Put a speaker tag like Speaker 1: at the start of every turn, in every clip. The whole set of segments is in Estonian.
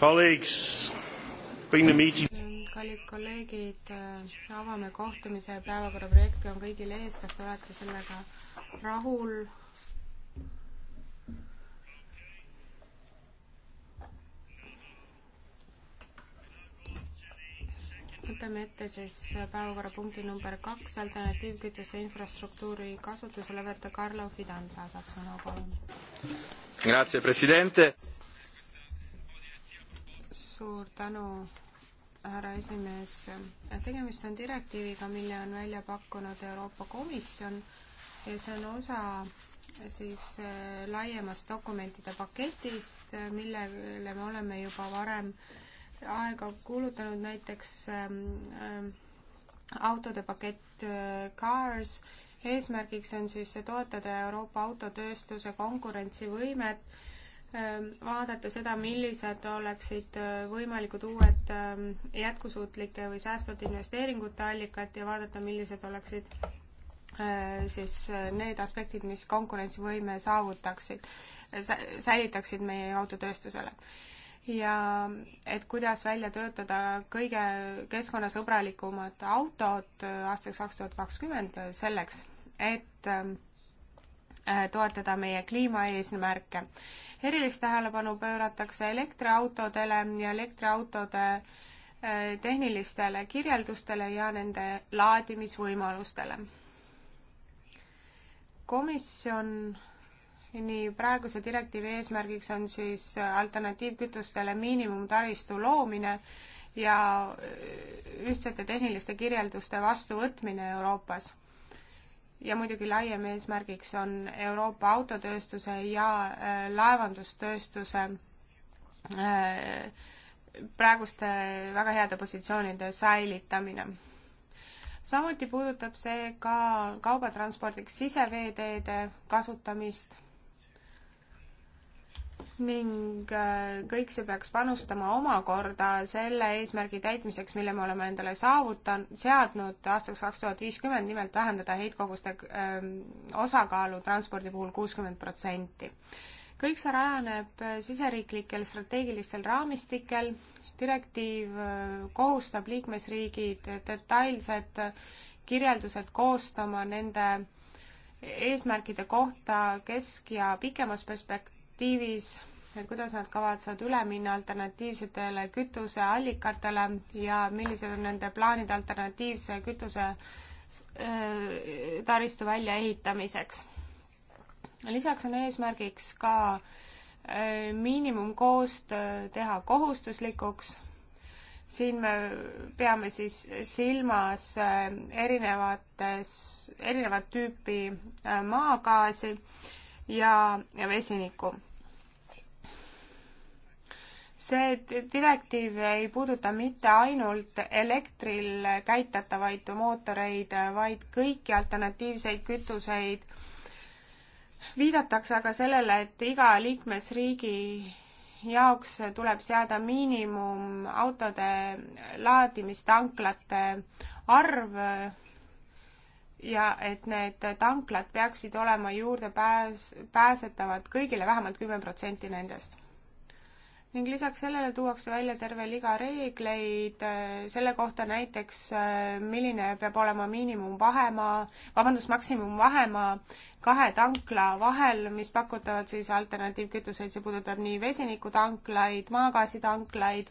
Speaker 1: kallid
Speaker 2: kolleegid, avame kohtumise päevakorra projekti on kõigil ees, kas te olete sellega rahul? võtame ette siis päevakorrapunkti number kaks, alternatiivkütuste infrastruktuuri kasutuselevõtt. Carlo Fidanza saab sõna, palun suur tänu, härra esimees. tegemist on direktiiviga, mille on välja pakkunud Euroopa Komisjon ja see on osa siis eh, laiemast dokumentide paketist, millele me oleme juba varem aega kuulutanud, näiteks ähm, autode pakett äh, Cars, eesmärgiks on siis toetada Euroopa autotööstuse konkurentsivõimet Ähm, vaadata seda, millised oleksid äh, võimalikud uued ähm, jätkusuutlike või säästvate investeeringute allikad ja vaadata, millised oleksid äh, siis äh, need aspektid, mis konkurentsivõime saavutaksid, säilitaksid meie autotööstusele ja et kuidas välja töötada kõige keskkonnasõbralikumad autod aastaks kaks tuhat kakskümmend selleks, et ähm, Äh, toetada meie kliimaeesmärke. erilist tähelepanu pööratakse elektriautodele ja elektriautode äh, tehnilistele kirjeldustele ja nende laadimisvõimalustele. komisjon nii praeguse direktiivi eesmärgiks on siis alternatiivkütustele miinimumtaristu loomine ja äh, ühtsete tehniliste kirjelduste vastuvõtmine Euroopas ja muidugi laiem eesmärgiks on Euroopa autotööstuse ja äh, laevandustööstuse äh, praeguste väga heade positsioonide säilitamine. samuti puudutab see ka kaubatranspordiks siseveeteede kasutamist ning äh, kõik see peaks panustama omakorda selle eesmärgi täitmiseks, mille me oleme endale saavutanud, seadnud aastaks kaks tuhat viiskümmend, nimelt vähendada heitkoguste ähm, osakaalu transpordi puhul kuuskümmend protsenti. kõik see rajaneb äh, siseriiklikel strateegilistel raamistikel, direktiiv äh, kohustab liikmesriigid detailsed kirjeldused koostama nende eesmärkide kohta kesk- ja pikemas perspekt-, perspektiivis, et kuidas nad kavatsevad üle minna alternatiivsetele kütuseallikatele ja millised on nende plaanid alternatiivse kütuse äh, taristu väljaehitamiseks. lisaks on eesmärgiks ka äh, miinimumkoostöö äh, teha kohustuslikuks siin me peame siis silmas erinevates, erinevat tüüpi maagaasi ja, ja vesinikku. see direktiiv ei puuduta mitte ainult elektril käitatavaid mootoreid, vaid kõiki alternatiivseid kütuseid. viidatakse aga sellele, et iga liikmesriigi jaoks tuleb seada miinimum autode laadimistanklate arv ja et need tanklad peaksid olema juurdepääs, pääsetavad kõigile vähemalt kümme protsenti nendest. ning lisaks sellele tuuakse välja terve liga reegleid äh, selle kohta näiteks, äh, milline peab olema miinimumvahemaa, vabandust, maksimumvahemaa kahe tankla vahel, mis pakutavad siis alternatiivkütuseid, see puudutab nii vesinikutanklaid, maagaasitanklaid,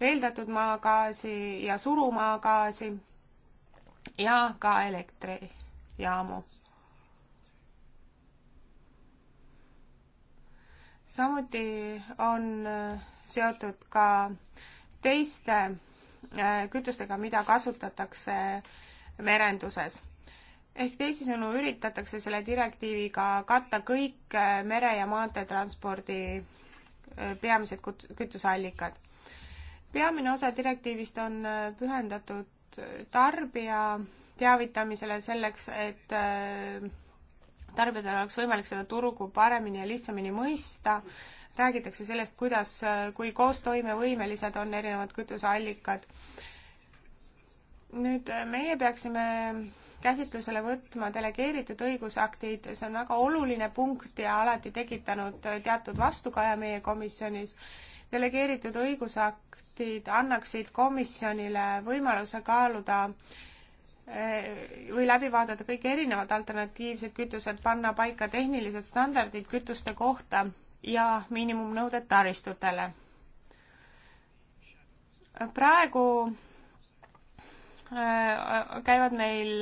Speaker 2: veeldatud maagaasi ja surumaagaasi ja ka elektrijaamu. samuti on äh, seotud ka teiste äh, kütustega, mida kasutatakse äh, merenduses. ehk teisisõnu üritatakse selle direktiiviga katta kõik mere- ja maanteetranspordi peamised kütuseallikad. peamine osa direktiivist on pühendatud suunatud tarbija teavitamisele selleks, et äh, tarbijatel oleks võimalik seda turgu paremini ja lihtsamini mõista, räägitakse sellest, kuidas, äh, kui koostoimevõimelised on erinevad kütuseallikad. nüüd äh, meie peaksime käsitlusele võtma delegeeritud õigusaktid, see on väga oluline punkt ja alati tekitanud teatud vastukaja meie komisjonis delegeeritud õigusaktid annaksid komisjonile võimaluse kaaluda eh, või läbi vaadata kõik erinevad alternatiivsed kütused, panna paika tehnilised standardid kütuste kohta ja miinimumnõuded taristutele. praegu eh, käivad meil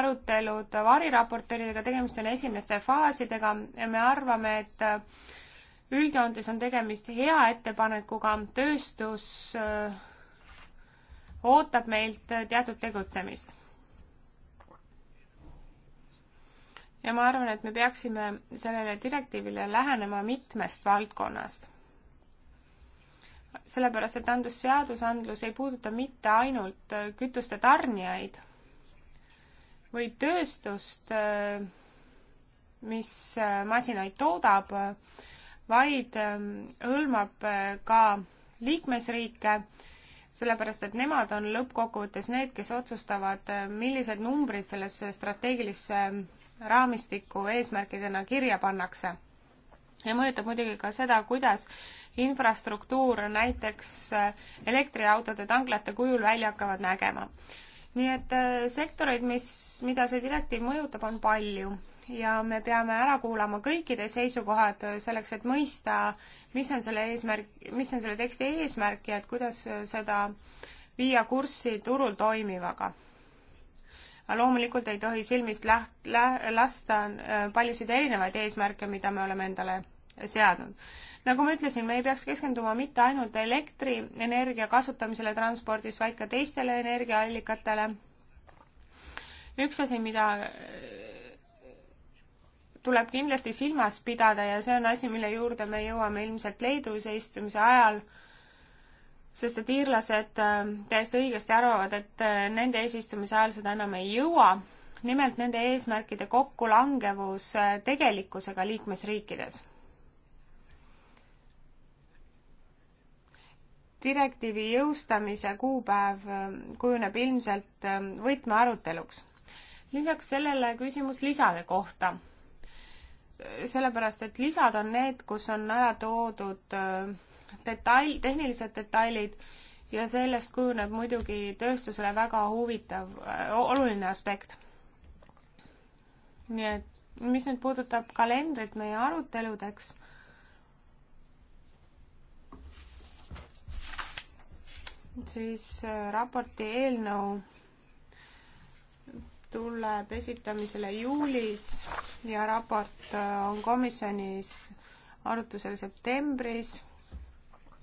Speaker 2: arutelud variraportööridega, tegemist on esimeste faasidega ja me arvame, et üldjoontes on tegemist hea ettepanekuga, tööstus öö, äh, ootab meilt äh, teatud tegutsemist. ja ma arvan, et me peaksime sellele direktiivile lähenema mitmest valdkonnast. sellepärast, et antud seadusandlus ei puuduta mitte ainult äh, kütuste tarnijaid või tööstust, mis masinaid toodab, vaid ähm, hõlmab äh, ka liikmesriike, sellepärast et nemad on lõppkokkuvõttes need, kes otsustavad, äh, millised numbrid sellesse strateegilisse äh, raamistikku eesmärkidena kirja pannakse. ja mõjutab muidugi ka seda, kuidas infrastruktuur näiteks elektriautode tanklate kujul välja hakkavad nägema nii et äh, sektoreid, mis, mida see direktiiv mõjutab, on palju ja me peame ära kuulama kõikide seisukohad äh, selleks, et mõista, mis on selle eesmärk, mis on selle teksti eesmärk ja et kuidas äh, seda viia kurssi turul toimivaga. loomulikult ei tohi silmist läht-, lä-, lasta paljusid erinevaid eesmärke, mida me oleme endale seadnud. nagu ma ütlesin, me ei peaks keskenduma mitte ainult elektrienergia kasutamisele transpordis, vaid ka teistele energiaallikatele. üks asi, mida äh, tuleb kindlasti silmas pidada ja see on asi, mille juurde me jõuame ilmselt Leedu istumise ajal, sest et iirlased äh, täiesti õigesti arvavad, et äh, nende eesistumise ajal seda enam ei jõua. nimelt nende eesmärkide kokkulangevus tegelikkusega liikmesriikides direktiivi jõustamise kuupäev äh, kujuneb ilmselt äh, võtmearuteluks. lisaks sellele küsimus lisade kohta. sellepärast, et lisad on need, kus on ära toodud äh, detail, tehnilised detailid ja sellest kujuneb muidugi tööstusele väga huvitav, oluline aspekt. nii et mis nüüd puudutab kalendrit meie aruteludeks siis äh, raporti eelnõu tuleb esitamisele juulis ja raport äh, on komisjonis arutusel septembris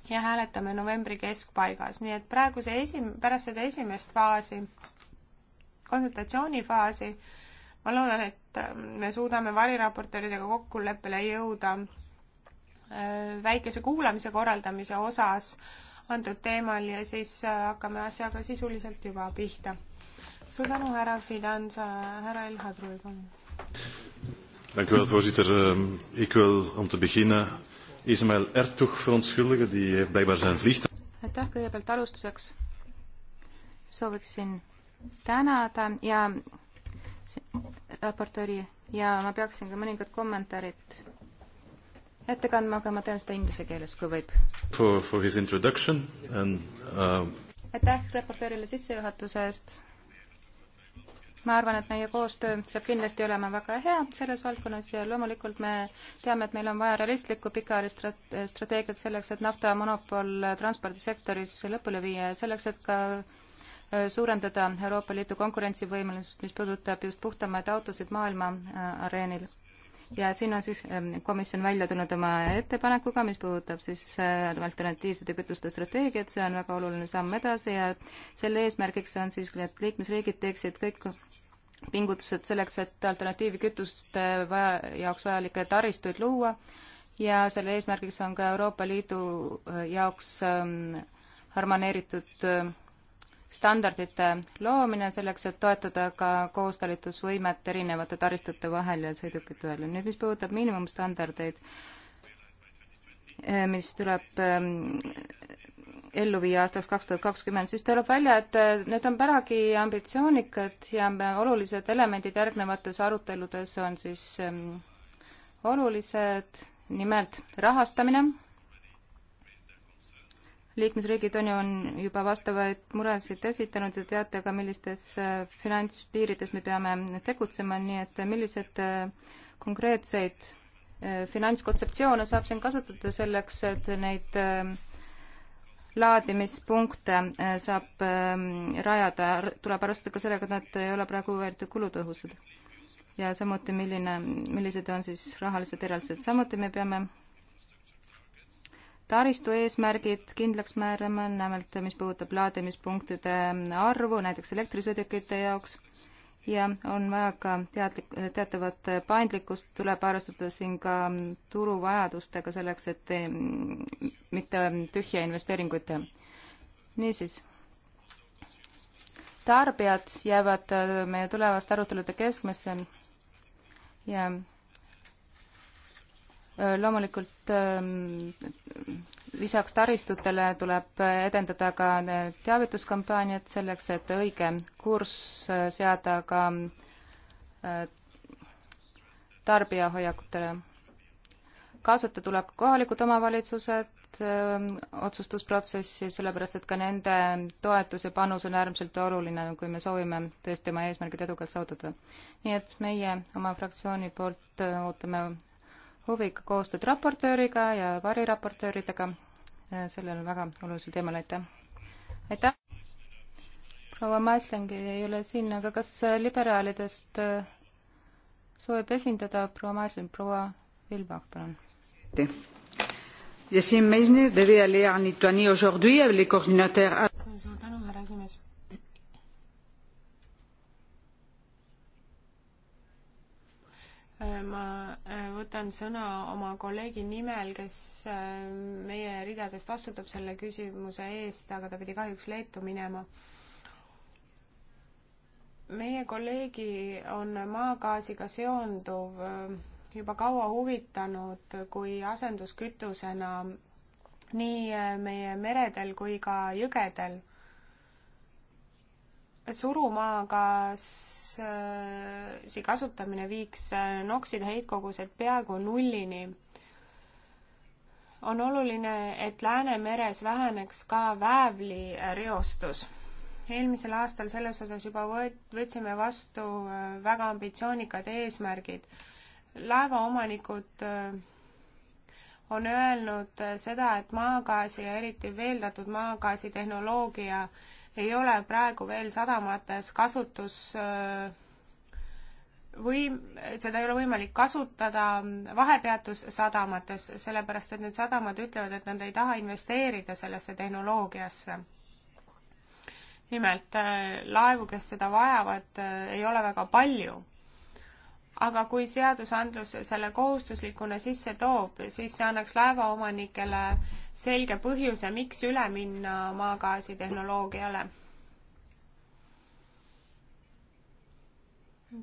Speaker 2: ja hääletame novembri keskpaigas, nii et praeguse esim-, pärast seda esimest faasi, konsultatsioonifaasi, ma loodan, et äh, me suudame variraportööridega kokkuleppele jõuda väikese kuulamise korraldamise osas antud teemal ja siis äh, hakkame asjaga sisuliselt juba pihta. suur tänu, härra Fidanza, härra Elhadrui, palun.
Speaker 3: Dank u wel, voorzitter. Ehm, ik wil om te beginnen Ismaël Ertug verontschuldigen. Die heeft blijkbaar zijn vliegtuig.
Speaker 1: Aitäh kõigepealt alustuseks. Sooviksin tänada ja raportööri ja ma peaksin ka mõningad kommentaarid ette kandma, aga ma teen seda inglise keeles, kui võib.
Speaker 3: For, for his introduction and uh...
Speaker 1: aitäh raportöörile sissejuhatuse eest. ma arvan, et meie koostöö saab kindlasti olema väga hea selles valdkonnas ja loomulikult me teame, et meil on vaja realistlikku pikaajalist strate strateegiat selleks, et naftamonopol transpordisektoris lõpule viia ja selleks, et ka äh, suurendada Euroopa Liidu konkurentsivõimelisust, mis puudutab just puhtamaid autosid maailma äh, areenil ja siin on siis ähm, komisjon välja tulnud oma ettepanekuga, mis puudutab siis äh, alternatiivsete kütuste strateegiat, see on väga oluline samm edasi ja selle eesmärgiks on siis, et liikmesriigid teeksid kõik pingutused selleks, et alternatiivkütuste vaja, jaoks vajalikke taristuid luua ja selle eesmärgiks on ka Euroopa Liidu äh, jaoks ähm, harmoneeritud ähm, standardite loomine selleks, et toetada ka koostalitusvõimet erinevate taristute vahel ja sõidukite vahel. nüüd, mis puudutab miinimumstandardeid, eh, mis tuleb ehm, ellu viia aastaks kaks tuhat kakskümmend, siis tuleb välja, et eh, need on päragi ambitsioonikad ja olulised elemendid järgnevates aruteludes on siis ehm, olulised, nimelt rahastamine liikmesriigid on ju, on juba vastavaid muresid esitanud ja teate ka, millistes äh, finantspiirides me peame tegutsema, nii et millised äh, konkreetseid äh, finantskontseptsioone saab siin kasutada selleks, et neid laadimispunkte saab ähm, rajada, tuleb arvestada ka sellega, et nad ei ole praegu eriti kulutõhusad. ja samuti, milline, millised on siis rahalised eraldised, samuti me peame taristu eesmärgid kindlaks määrama, nimelt mis puudutab laadimispunktide arvu näiteks elektrisõidukite jaoks ja on vaja ka teadlik, teatavat paindlikkust, tuleb arvestada siin ka turuvajadustega selleks, et mm, mitte tühja investeeringuid teha. niisiis, tarbijad jäävad äh, meie tulevaste arutelude keskmesse ja Äh, loomulikult ähm, lisaks taristutele tuleb edendada ka äh, teavituskampaaniat selleks, et õige kurss äh, seada ka tarbijahoiakutele. kaasata tuleb kohalikud omavalitsused ähm, otsustusprotsessi, sellepärast et ka nende toetus ja panus on äärmiselt oluline, kui me soovime tõesti oma eesmärgid edukalt saavutada. nii et meie oma fraktsiooni poolt ootame huviga koostööd raportööriga ja variraportööridega äh, sellel väga olulisel teemal, aitäh! aitäh! proua Maesling ei ole siin, aga kas äh, liberaalidest äh, soovib esindada proua Maesling, proua Vilbak, palun?
Speaker 2: suur tänu, härra esimees ma äh, võtan sõna oma kolleegi nimel, kes äh, meie ridadest vastutab selle küsimuse eest, aga ta pidi kahjuks Leetu minema. meie kolleegi on maagaasiga seonduv äh, juba kaua huvitanud kui asenduskütusena nii meie meredel kui ka jõgedel surumaagaasi äh, kasutamine viiks äh, nokside heitkogused peaaegu nullini. on oluline, et Läänemeres väheneks ka väävli äh, reostus eelmisel aastal selles osas juba võet-, võtsime vastu väga ambitsioonikad eesmärgid. laevaomanikud on öelnud seda, et maagaasi ja eriti veeldatud maagaasi tehnoloogia ei ole praegu veel sadamates kasutus või seda ei ole võimalik kasutada vahepeatussadamates, sellepärast et need sadamad ütlevad, et nad ei taha investeerida sellesse tehnoloogiasse. nimelt laevu, kes seda vajavad, ei ole väga palju aga kui seadusandlus selle kohustuslikuna sisse toob, siis see annaks laevaomanikele selge põhjuse, miks üle minna maagaasitehnoloogiale.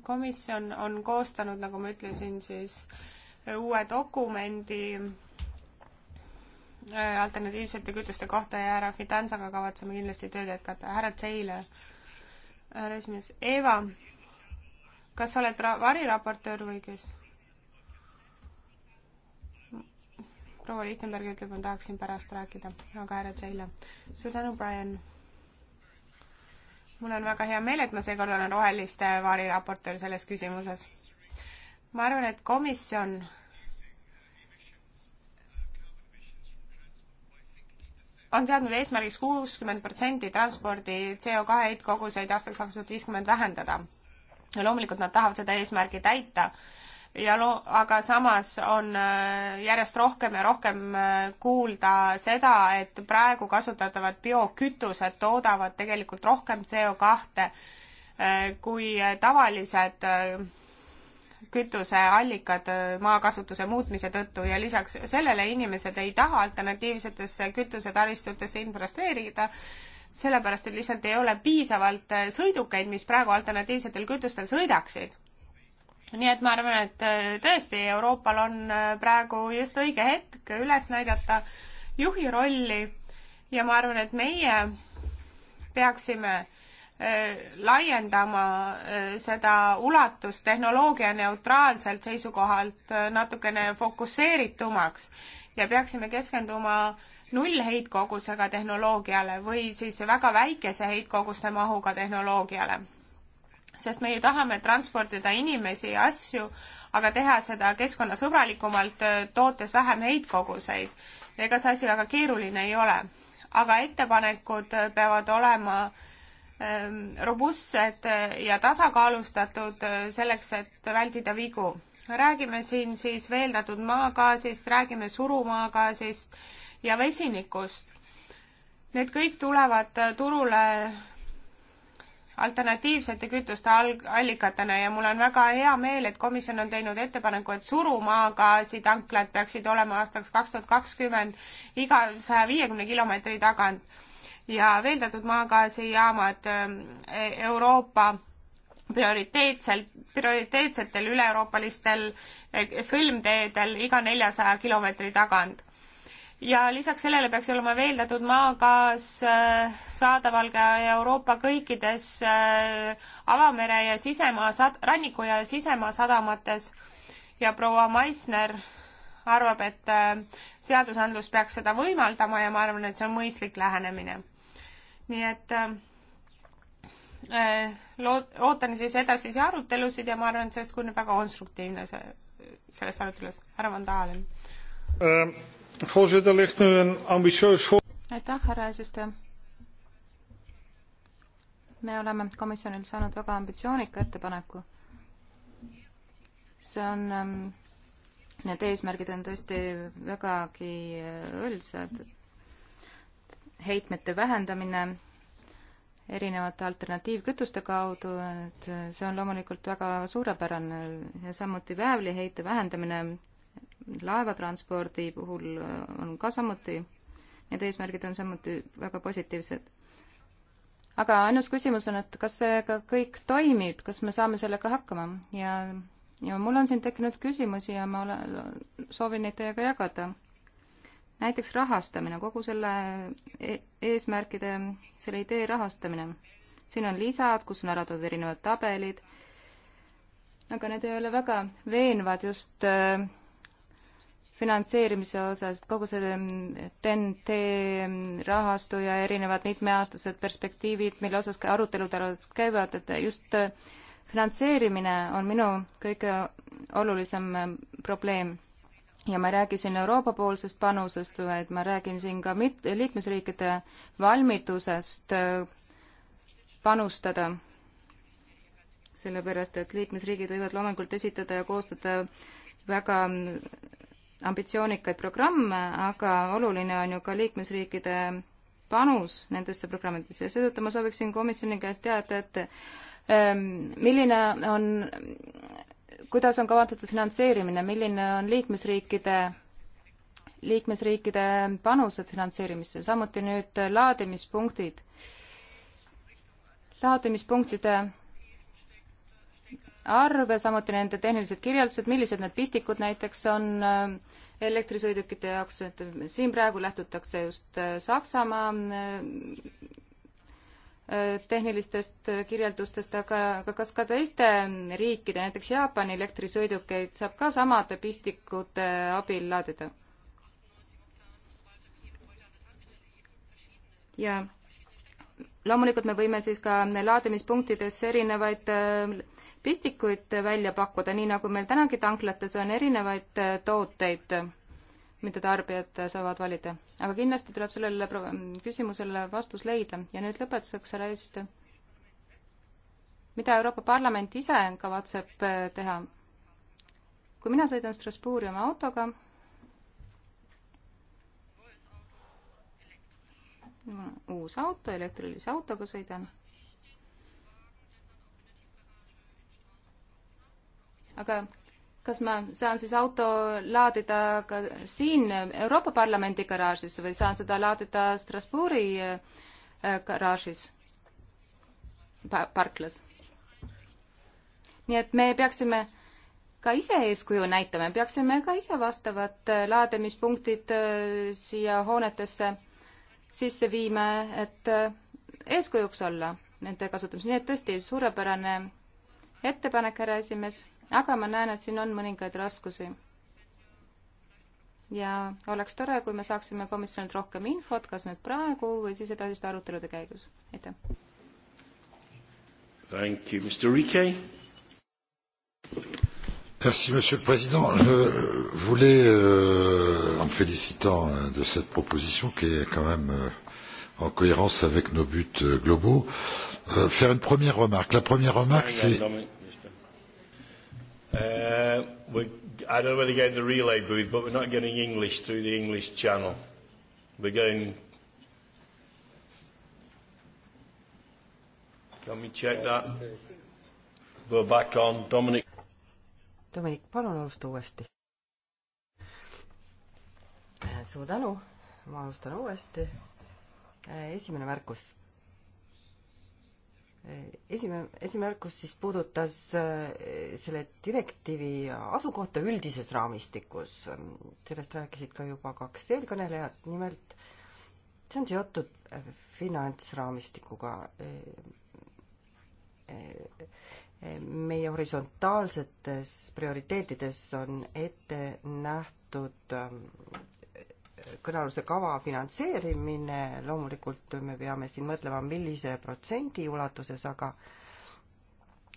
Speaker 2: komisjon on koostanud, nagu ma ütlesin, siis uue dokumendi äh, alternatiivsete kütuste kohta ja härra Fidanzaga kavatseme kindlasti tööd jätkata. härra Tseile, härra esimees, Eva kas sa oled ra-, variraportöör või kes? proua Lichtenberg ütleb, ma tahaksin pärast rääkida, aga härra Tšeile. suur tänu, Brian! mul on väga hea meel, et ma seekord olen roheliste variraportöör selles küsimuses. ma arvan, et komisjon on seadnud eesmärgiks kuuskümmend protsenti transpordi CO2 heitkoguseid aastaks kaks tuhat viiskümmend vähendada loomulikult nad tahavad seda eesmärgi täita ja loo-, aga samas on äh, järjest rohkem ja rohkem äh, kuulda seda, et praegu kasutatavad biokütused toodavad tegelikult rohkem CO kahte äh, kui tavalised kütuseallikad maakasutuse muutmise tõttu ja lisaks sellele inimesed ei taha alternatiivsetesse kütusetaristutesse investeerida sellepärast et lihtsalt ei ole piisavalt äh, sõidukeid, mis praegu alternatiivsetel kütustel sõidaksid. nii et ma arvan, et äh, tõesti, Euroopal on äh, praegu just õige hetk üles näidata juhi rolli ja ma arvan, et meie peaksime laiendama seda ulatust tehnoloogia neutraalselt seisukohalt natukene fokusseeritumaks ja peaksime keskenduma äh, nullheitkogusega tehnoloogiale või siis väga väikese heitkoguste mahuga tehnoloogiale. sest me ju tahame transportida inimesi ja asju, aga teha seda keskkonnasõbralikumalt, äh, tootes vähem heitkoguseid. ega see asi väga keeruline ei ole. aga ettepanekud äh, peavad olema ähm, robustsed äh, ja tasakaalustatud selleks, et vältida vigu. räägime siin siis veeldatud maagaasist, räägime surumaagaasist ja vesinikust. Need kõik tulevad turule alternatiivsete kütuste allikatena ja mul on väga hea meel, et komisjon on teinud ettepaneku, et surumaagaasi tanklad peaksid olema aastaks kaks tuhat kakskümmend iga saja viiekümne kilomeetri tagant ja veeldatud maagaasijaamad ähm, e-, Euroopa prioriteetselt, prioriteetsetel üle-euroopalistel e-, sõlmteedel iga neljasaja kilomeetri tagant ja lisaks sellele peaks olema veeldatud maagaas äh, saadaval ka Euroopa kõikides äh, avamere ja sisemaa sad-, ranniku ja sisemaa sadamates ja proua Maisner arvab, et äh, seadusandlus peaks seda võimaldama ja ma arvan, et see on mõistlik lähenemine. nii et äh, lood-, ootan siis edasisi arutelusid ja ma arvan, et sellest kujuneb väga konstruktiivne see, sellest
Speaker 1: arutelust. härra Van Dalen
Speaker 2: ähm.. Voorzitter, er ligt nu een ambitieus voor...
Speaker 1: aitäh, härra eesistuja. me oleme komisjonilt saanud väga ambitsioonika ettepaneku. see on ähm, need eesmärgid on tõesti vägagi õilsad. Äh, heitmete vähendamine erinevate alternatiivkütuste kaudu, et äh, see on loomulikult väga suurepärane ja samuti väävliheite vähendamine laevatranspordi puhul äh, on ka samuti, need eesmärgid on samuti väga positiivsed. aga ainus küsimus on, et kas see ka kõik toimib, kas me saame sellega hakkama ja, ja mul on siin tekkinud küsimusi ja ma olen, soovin neid teiega jagada. näiteks rahastamine, kogu selle e-, eesmärkide, selle idee rahastamine. siin on lisad, kus on ära toodud erinevad tabelid, aga need ei ole väga veenvad just äh, finantseerimise osas, kogu see TNT mm, mm, rahastu ja erinevad mitmeaastased perspektiivid, mille osas ka arutelud käivad, et just äh, finantseerimine on minu kõige olulisem mm, probleem. ja ma ei räägi siin Euroopa poolsest panusest, vaid ma räägin siin ka mit-, liikmesriikide valmidusest äh, panustada sellepärast et liikmesriigid võivad loomulikult esitada ja koostada väga ambitsioonikaid programme, aga oluline on ju ka liikmesriikide panus nendesse programmidesse ja seetõttu ma sooviksin komisjoni käest teada, et ähm, milline on, kuidas on kavandatud finantseerimine, milline on liikmesriikide, liikmesriikide panused finantseerimisse, samuti nüüd laadimispunktid. laadimispunktide arve, samuti nende tehnilised kirjeldused, millised need pistikud näiteks on äh, elektrisõidukite jaoks, et siin praegu lähtutakse just äh, Saksamaa äh, tehnilistest kirjeldustest, aga, aga kas ka teiste riikide, näiteks Jaapani elektrisõidukeid saab ka samade pistikute abil laadida? ja loomulikult me võime siis ka laadimispunktides erinevaid äh, pistikuid välja pakkuda, nii nagu meil tänagi tanklates on erinevaid äh, tooteid, mida tarbijad saavad valida. aga kindlasti tuleb sellele küsimusele vastus leida ja nüüd lõpetuseks, härra eesistuja. mida Euroopa Parlament ise kavatseb äh, teha? kui mina sõidan Strasbourgi oma autoga, uus auto, elektrilise autoga sõidan aga kas ma saan siis auto laadida ka siin Euroopa Parlamendi garaažis või saan seda laadida Strasbourgi äh, garaažis pa, parklas? nii et me peaksime ka ise eeskuju näitama, peaksime ka ise vastavad äh, laadimispunktid äh, siia hoonetesse sisse viima, et eeskujuks olla nende kasutamisel, nii et tõesti suurepärane ettepanek, härra esimees aga ma näen, et siin on mõningaid raskusi. ja oleks tore, kui me saaksime komisjonilt rohkem infot, kas nüüd praegu või siis edasiste arutelude käigus. aitäh. Thank you, Mr Rike. Merci, Monsieur le Président. Je
Speaker 2: voulais, euh, en me félicitant euh, de cette proposition qui est quand même euh, en cohérence avec nos buts euh, globaux, euh, faire une première remarque. La première
Speaker 3: remarque, c'est... Non, non, non, Uh, we, I don't know whether you're getting the relay booth, but we're not getting English through the English channel. We're getting. Can we check that? Go back on. Dominic. Dominic, palun alusta uuesti. suur tänu, ma alustan uuesti. esimene märkus esimene, esimärkus siis puudutas äh, selle direktiivi asukohta üldises raamistikus. sellest rääkisid ka juba kaks eelkõnelejat, nimelt see on seotud äh, finantsraamistikuga. Äh, meie horisontaalsetes prioriteetides on ette nähtud ähm, kõnealuse kava finantseerimine, loomulikult me peame siin mõtlema, millise protsendi ulatuses, aga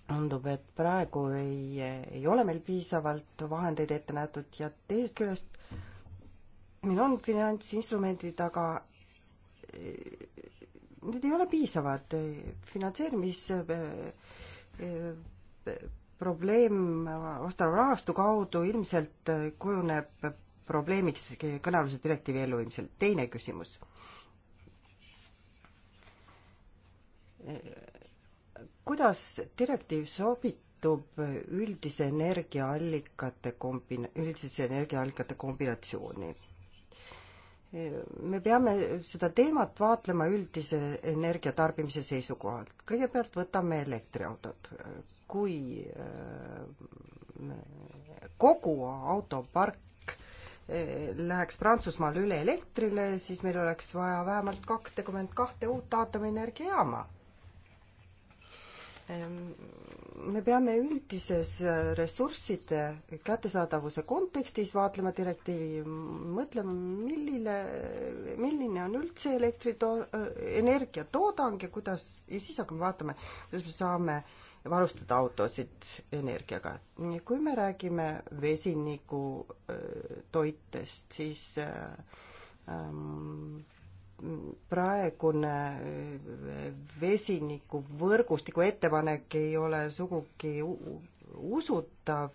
Speaker 3: tundub, et praegu ei, ei ole meil piisavalt vahendeid ette nähtud ja teisest küljest meil on finantsinstrumendid, aga eh, need ei ole piisavad. finantseerimisprobleem eh, eh, vastava rahastu kaudu ilmselt kujuneb probleemiks kõnealuse direktiivi elluviimisel. teine küsimus. kuidas direktiiv sobitub üldise energiaallikate kombina-, üldise energiaallikate kombinatsiooni? me peame seda teemat vaatlema üldise energiatarbimise seisukohalt. kõigepealt võtame elektriautod. kui äh, kogu autopark läheks Prantsusmaal üle elektrile, siis meil oleks vaja vähemalt kakskümmend kahte uut aatomienergiajaama. Ehm, me peame üldises ressursside kättesaadavuse kontekstis vaatlema direktiivi, mõtlema, millile, milline on üldse elektri to-, energiatoodang ja kuidas, ja siis hakkame vaatama, kuidas me saame äh, varustada autosid energiaga. kui me räägime vesiniku toitest, siis ähm, praegune vesiniku võrgustiku ettepanek ei ole sugugi usutav.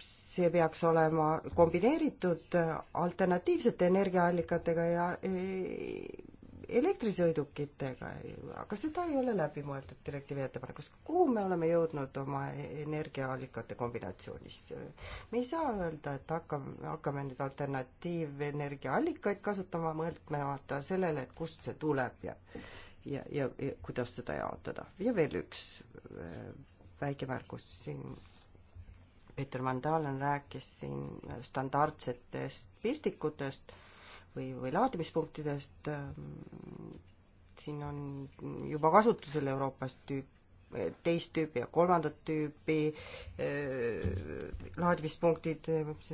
Speaker 3: see peaks olema kombineeritud äh, alternatiivsete energiaallikatega ja äh, elektrisõidukitega, aga seda ei ole läbi mõeldud direktiivi ettepanekus. kuhu me oleme jõudnud oma energiaallikate kombinatsioonis? me ei saa öelda, et hakkame, hakkame nüüd alternatiivenergiaallikaid kasutama, mõtlemata sellele, et kust see tuleb ja ja, ja, ja kuidas seda jaotada. ja veel üks äh, väike märkus siin Peeter Van Dalen rääkis siin standardsetest pistikutest või, või laadimispunktidest, ähm, siin on juba kasutusel Euroopas tüüp, teist tüüpi ja kolmandat tüüpi eh, laadimispunktid, äh,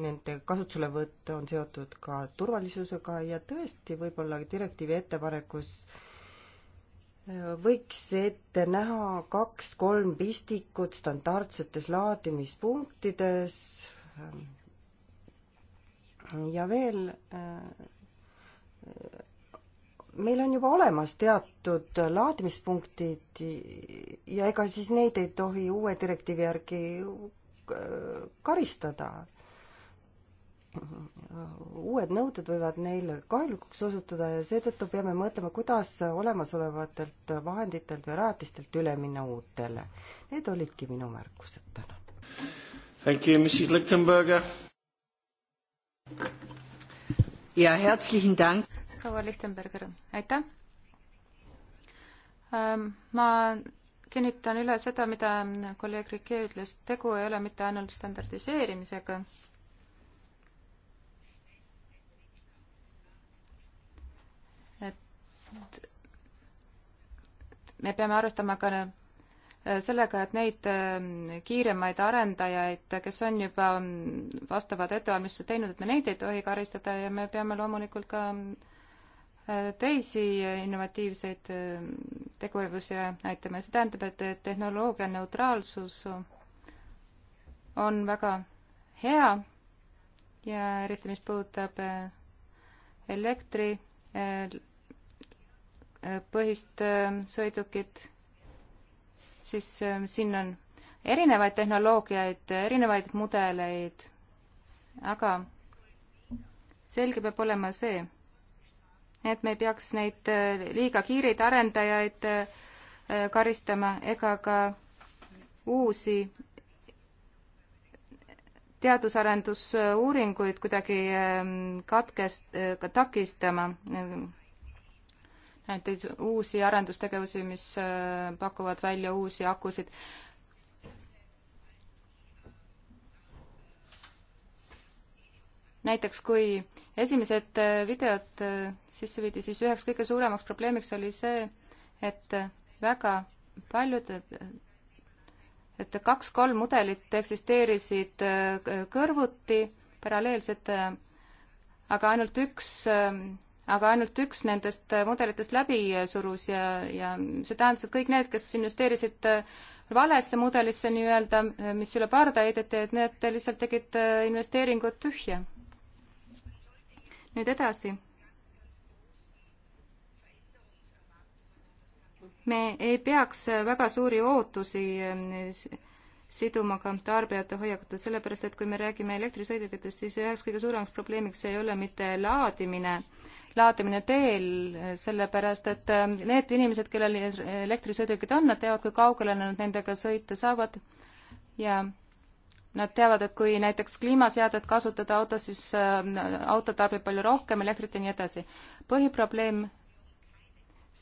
Speaker 3: nende kasutuselevõtt on seotud ka turvalisusega ja tõesti, võib-olla direktiivi ettepanekus äh, võiks ette näha kaks-kolm pistikut standardsetes laadimispunktides eh,, ja veel äh, meil on juba olemas teatud laadimispunktid ja ega siis neid ei tohi uue direktiivi järgi äh, karistada. uued nõuded võivad neile kahjulikuks osutuda ja seetõttu peame mõtlema, kuidas olemasolevatelt vahenditelt või rajatistelt üle minna uutele. Need olidki minu märkused täna. Thank you, Mrs Lichtenberger ja herzlichen Dank.
Speaker 1: proua Lichtenberger, aitäh. Ähm, ma kinnitan üle seda, mida kolleeg Rike ütles, tegu ei ole mitte ainult standardiseerimisega. et me peame arvestama ka Äh, sellega, et neid ähm, kiiremaid arendajaid, kes on juba ähm, vastavad ettevalmistused teinud, et me neid ei tohi karistada ja me peame loomulikult ka ähm, äh, teisi innovatiivseid tegevusi näitama ja see tähendab, et tehnoloogia neutraalsus on väga hea ja eriti, mis puudutab äh, elektri põhist sõidukit siis ähm, siin on erinevaid tehnoloogiaid, erinevaid mudeleid, aga selge peab olema see, et me ei peaks neid äh, liiga kiireid arendajaid äh, karistama ega ka uusi teadusarendusuuringuid kuidagi ähm, katkest-, äh, takistama näiteks uusi arendustegevusi, mis äh, pakuvad välja uusi akusid. näiteks kui esimesed äh, videod äh, sisse viidi, siis üheks kõige suuremaks probleemiks oli see, et väga paljud, et kaks-kolm mudelit eksisteerisid kõrvuti paralleelselt, aga ainult üks aga ainult üks nendest äh, mudelitest läbi äh, surus ja, ja see tähendas, et kõik need, kes investeerisid äh, valesse mudelisse nii-öelda, mis üle parda heideti, et need lihtsalt tegid investeeringud tühja. nüüd edasi. me ei peaks väga suuri ootusi siduma ka tarbijate hoiakutele, sellepärast et kui me räägime elektrisõidukitest, siis üheks kõige suuremaks probleemiks ei ole mitte laadimine äh, laadimine teel, sellepärast et äh, need inimesed, kellel elektrisõidukid on, nad teavad, kui kaugele nad nendega sõita saavad ja nad teavad, et kui näiteks kliimaseadet kasutada autos, siis äh, auto tarbib palju rohkem elektrit ja nii edasi. põhiprobleem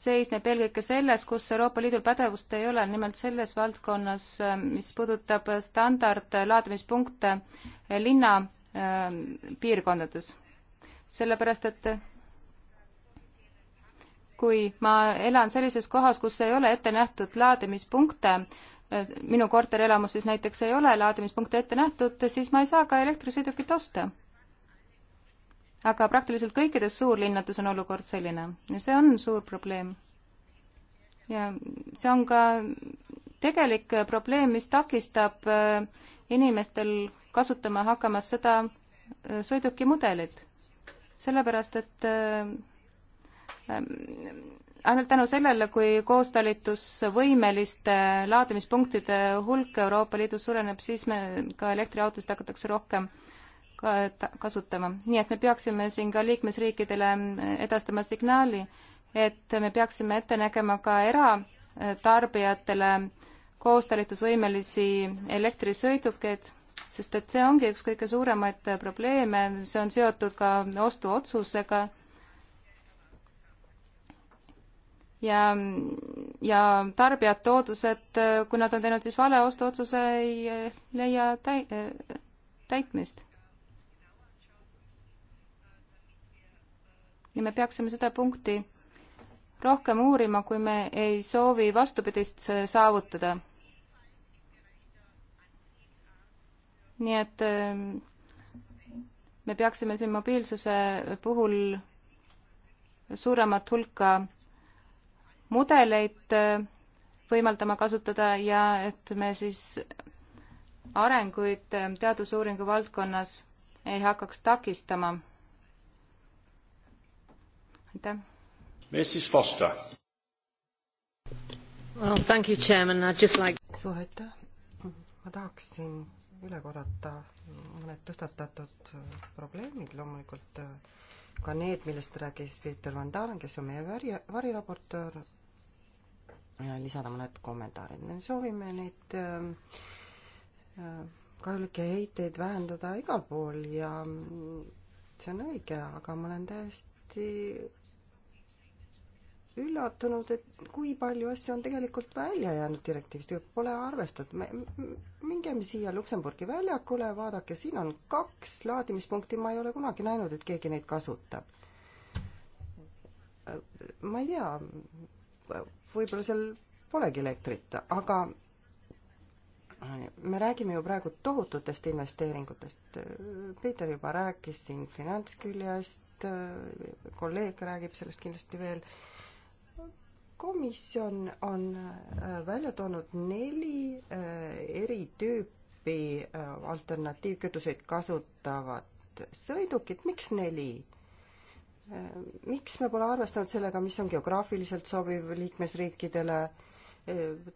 Speaker 1: seisneb eelkõige selles, kus Euroopa Liidul pädevust ei ole, nimelt selles valdkonnas, äh, mis puudutab standardlaadimispunkte linna piirkondades. sellepärast, et kui ma elan sellises kohas, kus ei ole ette nähtud laadimispunkte, minu korterelamus siis näiteks ei ole laadimispunkte ette nähtud, siis ma ei saa ka elektrisõidukit osta. aga praktiliselt kõikides suurlinnades on olukord selline ja see on suur probleem. ja see on ka tegelik probleem, mis takistab äh, inimestel kasutama hakkamas seda äh, sõidukimudelit. sellepärast, et äh, Ehm, ainult tänu sellele, kui koostalitusvõimeliste laadimispunktide hulk Euroopa Liidus suureneb, siis me ka elektriautosid hakatakse rohkem kasutama. nii et me peaksime siin ka liikmesriikidele edastama signaali, et me peaksime ette nägema ka eratarbijatele koostalitusvõimelisi elektrisõidukeid, sest et see ongi üks kõige suuremaid probleeme, see on seotud ka ostuotsusega ja, ja tarbijad toodus, et kui nad on teinud siis vale ostuotsuse, ei leia täi-, täitmist. ja me peaksime seda punkti rohkem uurima, kui me ei soovi vastupidist saavutada. nii et me peaksime siin mobiilsuse puhul suuremat hulka mudeleid äh, võimaldama kasutada ja et me siis arenguid äh, teadusuuringu valdkonnas ei hakkaks takistama. aitäh.
Speaker 3: Mrs Foster. Well, thank you, chairman, I'd just like. suur aitäh. ma tahaksin üle korrata mõned tõstatatud äh, probleemid, loomulikult ka need, millest rääkis Peeter Van Dalen, kes on meie vari, variraportöör lisada mõned kommentaarid. me soovime neid äh, äh, kahjulikke heiteid vähendada igal pool ja mm, see on õige, aga ma olen täiesti üllatunud, et kui palju asju on tegelikult välja jäänud direktiivist ja pole arvestatud. mingem siia Luksemburgi väljakule, vaadake, siin on kaks laadimispunkti, ma ei ole kunagi näinud, et keegi neid kasutab. Äh, ma ei tea, võib-olla seal polegi elektrit, aga me räägime ju praegu tohututest investeeringutest. Peeter juba rääkis siin finantsküljest, kolleeg räägib sellest kindlasti veel. komisjon on äh, välja toonud neli äh, eri tüüpi äh, alternatiivkütuseid kasutavat sõidukit, miks neli? miks me pole arvestanud sellega, mis on geograafiliselt sobiv liikmesriikidele?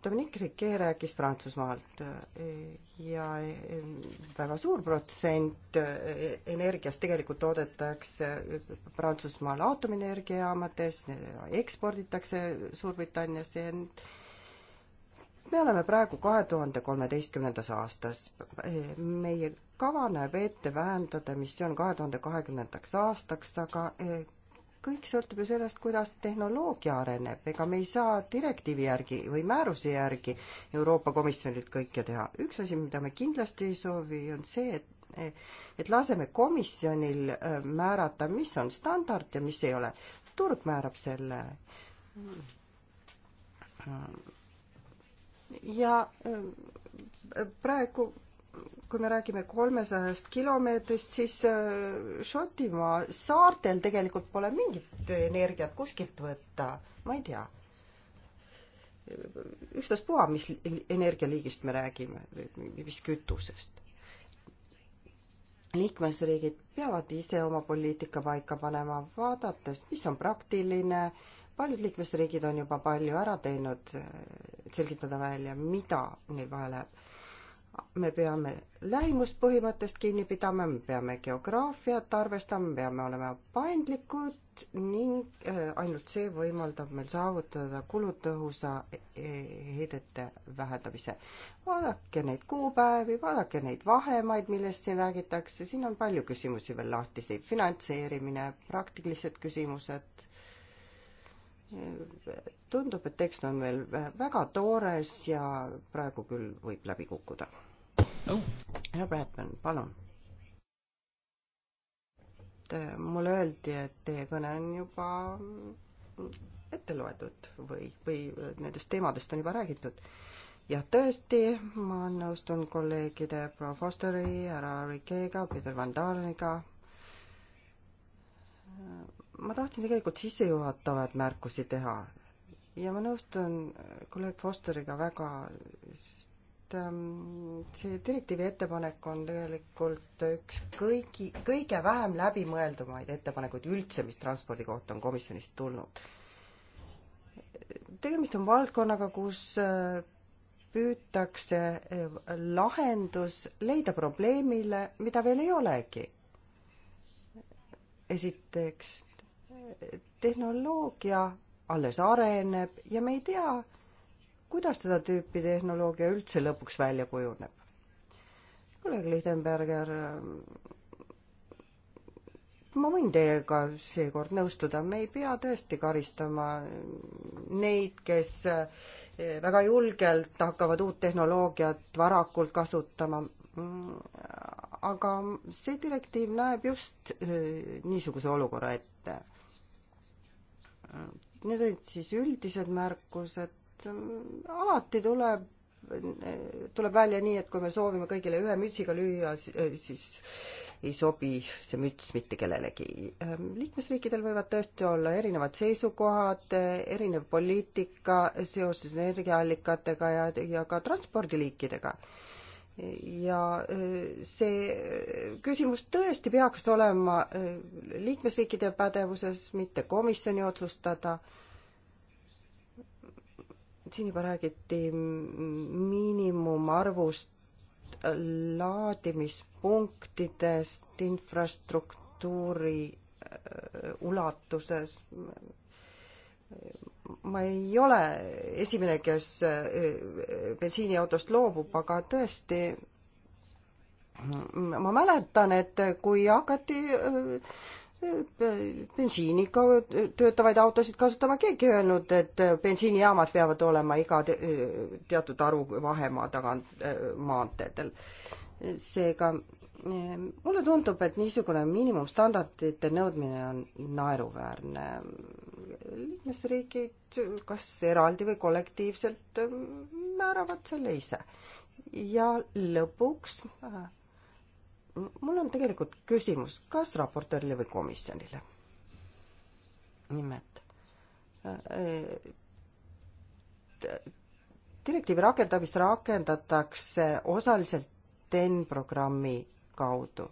Speaker 3: Dominic Riquet rääkis Prantsusmaalt eh, ja eh, väga suur protsent eh, energiast tegelikult toodetakse Prantsusmaal aatomienergiajaamades, eksporditakse Suurbritanniasse ja me oleme praegu kahe tuhande kolmeteistkümnendas aastas. meie kava näeb ette vähendada emissioon kahe tuhande kahekümnendaks aastaks, aga eh, kõik sõltub ju sellest, kuidas tehnoloogia areneb, ega me ei saa direktiivi järgi või määruse järgi Euroopa Komisjonilt kõike teha. üks asi, mida me kindlasti ei soovi, on see, et eh, et laseme komisjonil eh, määrata, mis on standard ja mis ei ole. turg määrab selle ja äh, praegu, kui me räägime kolmesajast kilomeetrist, siis äh, Šotimaa saartel tegelikult pole mingit energiat kuskilt võtta, ma ei tea. ükstaspuha, mis energialiigist me räägime, mis kütusest. liikmesriigid peavad ise oma poliitika paika panema, vaadates, mis on praktiline paljud liikmesriigid on juba palju ära teinud, äh, selgitada välja, mida neil vaja läheb. me peame lähimuspõhimõttest kinni pidama, me peame geograafiat arvestama, me peame olema paindlikud ning äh, ainult see võimaldab meil saavutada kulutõhusa e-, e-, heidete vähendamise. vaadake neid kuupäevi, vaadake neid vahemaid, millest siin räägitakse, siin on palju küsimusi veel lahtiseid, finantseerimine, praktilised küsimused tundub, et tekst on veel väga toores ja praegu küll võib läbi kukkuda oh.. härra Bradman, palun. mulle öeldi, et teie kõne on juba ette loetud või, või nendest teemadest on juba räägitud. jah, tõesti, ma nõustun kolleegide proua Fosteri, härra Rikega, Peter Van Daleniga ma tahtsin tegelikult sissejuhatavaid märkusi teha ja ma nõustun kolleeg Fosteriga väga, sest ähm, see direktiivi ettepanek on tegelikult üks kõigi, kõige vähem läbimõeldumaid ettepanekuid üldse, mis transpordi kohta on komisjonist tulnud. tegemist on valdkonnaga, kus äh, püütakse äh, lahendus leida probleemile, mida veel ei olegi. esiteks tehnoloogia alles areneb ja me ei tea, kuidas seda tüüpi tehnoloogia üldse lõpuks välja kujuneb. kolleeg Lichtenberger, ma võin teiega seekord nõustuda, me ei pea tõesti karistama neid, kes väga julgelt hakkavad uut tehnoloogiat varakult kasutama. aga see direktiiv näeb just niisuguse olukorra ette Need olid siis üldised märkused. alati tuleb, tuleb välja nii, et kui me soovime kõigile ühe mütsiga lüüa, siis ei sobi see müts mitte kellelegi. liikmesriikidel võivad tõesti olla erinevad seisukohad, erinev poliitika seoses energiaallikatega ja, ja ka transpordiliikidega ja äh, see äh, küsimus tõesti peaks olema äh, liikmesriikide pädevuses, mitte komisjoni otsustada. siin juba räägiti miinimumarvust, laadimispunktidest infrastruktuuri ulatuses ma ei ole esimene, kes eh, bensiiniautost loobub, aga tõesti, mm, ma mäletan, et kui hakati eh, bensiiniga töötavaid autosid kasutama, keegi ei öelnud, et bensiinijaamad peavad olema iga te eh, teatud arvu vahemaa tagant maanteedel. seega Ehm, mulle tundub, et niisugune miinimumstandardite nõudmine on naeruväärne. liikmesriigid kas eraldi või kollektiivselt ehm, määravad selle ise. ja lõpuks äh, mul on tegelikult küsimus, kas raportöörile või komisjonile? nimelt äh, äh, direktiivi rakendamist rakendatakse osaliselt TEN programmi kaudu.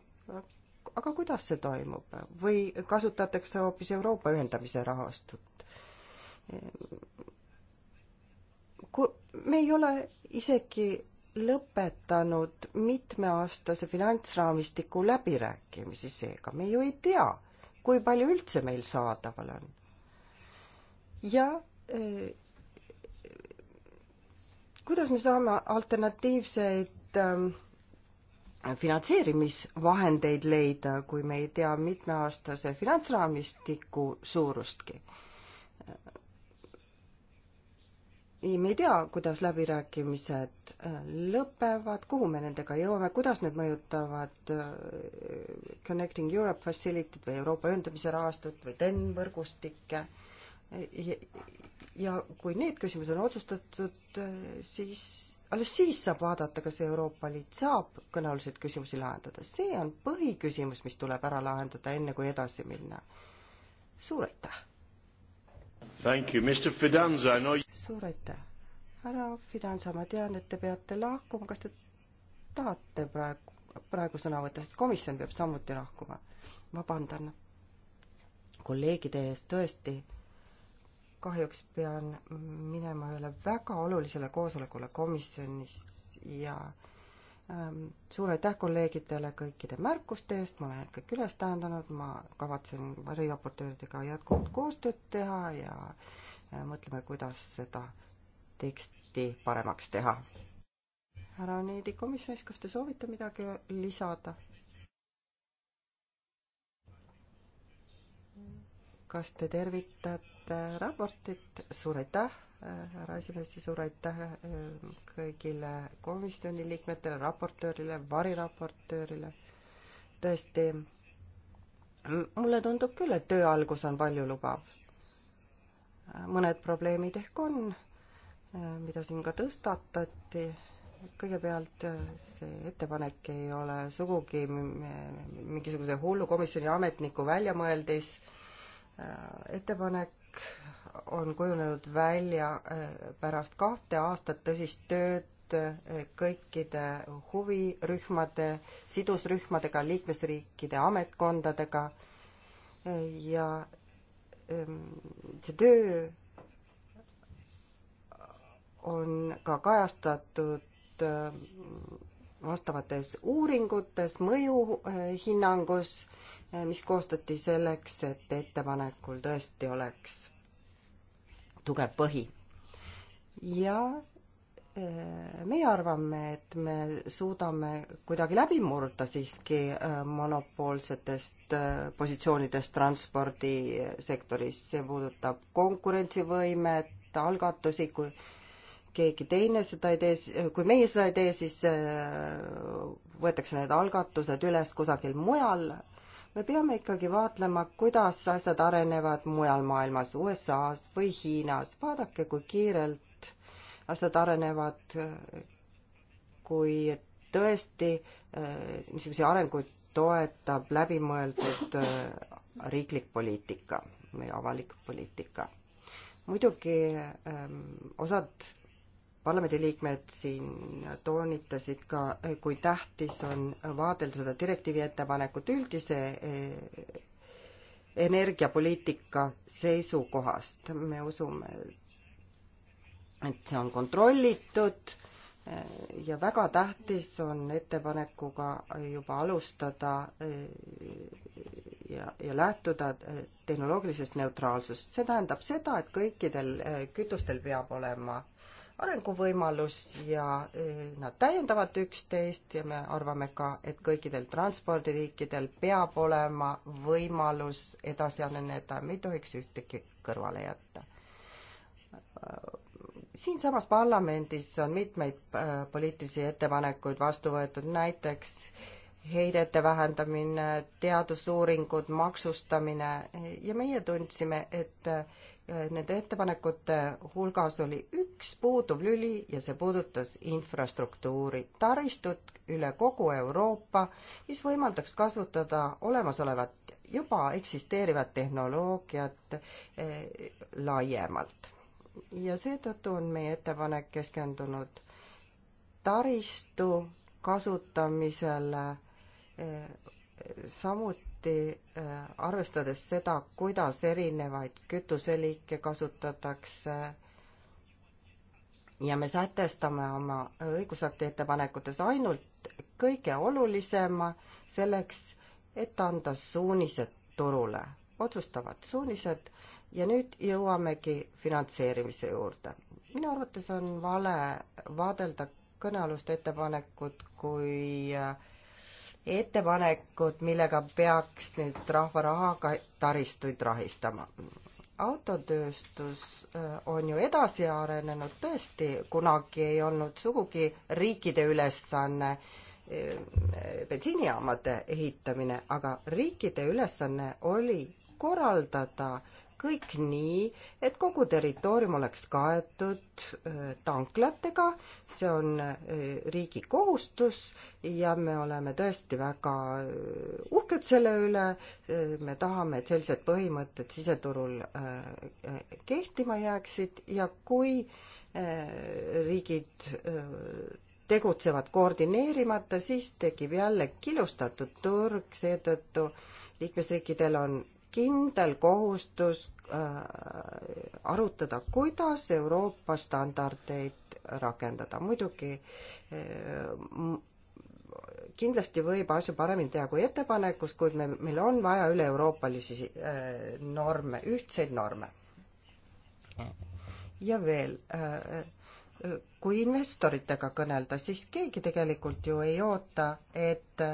Speaker 3: aga kuidas see toimub või kasutatakse hoopis Euroopa ühendamise rahastut? ku-, me ei ole isegi lõpetanud mitmeaastase finantsraamistiku läbirääkimisi, seega me ju ei tea, kui palju üldse meil saadaval on. ja eh, kuidas me saame alternatiivseid ähm, finantseerimisvahendeid leida, kui me ei tea mitmeaastase finantsraamistiku suurustki. ei, me ei tea, kuidas läbirääkimised äh, lõpevad, kuhu me nendega jõuame, kuidas need mõjutavad äh, Connecting Europe Facility'd või Euroopa Ühendamise rahastut või TEN võrgustikke. ja kui need küsimused on otsustatud, äh, siis alles siis saab vaadata, kas Euroopa Liit saab kõnealuseid küsimusi lahendada. see on põhiküsimus, mis tuleb ära lahendada, enne kui edasi minna. suur aitäh! suur aitäh! härra Fidanza, ma tean, et te peate lahkuma, kas te tahate praegu, praegu sõna võtta, sest komisjon peab samuti lahkuma? vabandan kolleegide ees, tõesti kahjuks pean minema ühele väga olulisele koosolekule komisjonis ja ähm, suur aitäh kolleegidele kõikide märkuste eest, ma olen need kõik üles tähendanud, ma kavatsen variraportööridega jätkuvalt koostööd teha ja äh, mõtleme, kuidas seda teksti paremaks teha. härra Needi komisjonis, kas te soovite midagi lisada? kas te tervitate raportit, suur aitäh, äh, härra esimees ja suur aitäh äh, kõigile komisjoni liikmetele, raportöörile, variraportöörile. tõesti, mulle tundub küll, et töö algus on paljulubav. mõned probleemid ehk on, äh, mida siin ka tõstatati kõigepealt see ettepanek ei ole sugugi mingisuguse hullu komisjoni ametniku väljamõeldis. ettepanek on kujunenud välja eh, pärast kahte aastat tõsist tööd eh, kõikide huvirühmade, sidusrühmadega, liikmesriikide ametkondadega eh, ja ehm, see töö on ka kajastatud ehm, vastavates uuringutes, mõjuhinnangus Äh, mis koostati selleks, et ettepanekul tõesti oleks tugev põhi. ja äh, meie arvame, et me suudame kuidagi läbi murda siiski äh, monopoolsetest positsioonidest transpordisektoris, see puudutab konkurentsivõimet, algatusi, kui keegi teine seda ei tee, kui meie seda ei tee, siis võetakse need algatused üles kusagil mujal, me peame ikkagi vaatlema, kuidas asjad arenevad mujal maailmas, USA-s või Hiinas. vaadake, kui kiirelt asjad arenevad, kui tõesti eh, niisuguseid arenguid toetab läbimõeldud eh, riiklik poliitika või avalik poliitika. muidugi öö, eh, osad parlamendiliikmed siin toonitasid ka, kui tähtis on vaadelda seda direktiivi ettepanekut üldise eh, energiapoliitika seisukohast. me usume, et see on kontrollitud eh, ja väga tähtis on ettepanekuga juba alustada eh, ja, ja lähtuda tehnoloogilisest neutraalsusest. see tähendab seda, et kõikidel kütustel peab olema arenguvõimalus ja nad täiendavad üksteist ja me arvame ka, et kõikidel transpordiriikidel peab olema võimalus edasi areneda, me ei tohiks ühtegi kõrvale jätta. siinsamas parlamendis on mitmeid poliitilisi ettepanekuid vastu võetud, näiteks heidete vähendamine, teadusuuringud, maksustamine ja meie tundsime, et Äh, nende ettepanekute hulgas oli üks puuduv lüli ja see puudutas infrastruktuuri, taristut üle kogu Euroopa, mis võimaldaks kasutada olemasolevat, juba eksisteerivat tehnoloogiat äh, laiemalt. ja seetõttu on meie ettepanek keskendunud taristu kasutamisele äh, samuti eriti äh, arvestades seda, kuidas erinevaid kütuseliike kasutatakse ja me sätestame oma õigusakti ettepanekutes ainult kõige olulisema selleks, et anda suunised turule, otsustavad suunised ja nüüd jõuamegi finantseerimise juurde. minu arvates on vale vaadelda kõnealust ettepanekut kui äh, ettepanekud, millega peaks nüüd rahva rahaga taristuid rahistama. autotööstus äh, on ju edasi arenenud, tõesti, kunagi ei olnud sugugi riikide ülesanne äh, bensiinijaamade ehitamine, aga riikide ülesanne oli korraldada kõik nii, et kogu territoorium oleks kaetud äh, tanklatega, see on äh, riigi kohustus ja me oleme tõesti väga äh, uhked selle üle, me tahame, et sellised põhimõtted siseturul kehtima jääksid ja kui riigid tegutsevad koordineerimata, siis tekib jälle killustatud turg, seetõttu liikmesriikidel on kindel kohustus äh, arutada, kuidas Euroopa standardeid rakendada. muidugi äh, kindlasti võib asju paremini teha kui ettepanekus, kuid me, meil on vaja üle-euroopalisi äh, norme, ühtseid norme. ja veel, kui investoritega kõnelda, siis keegi tegelikult ju ei oota, et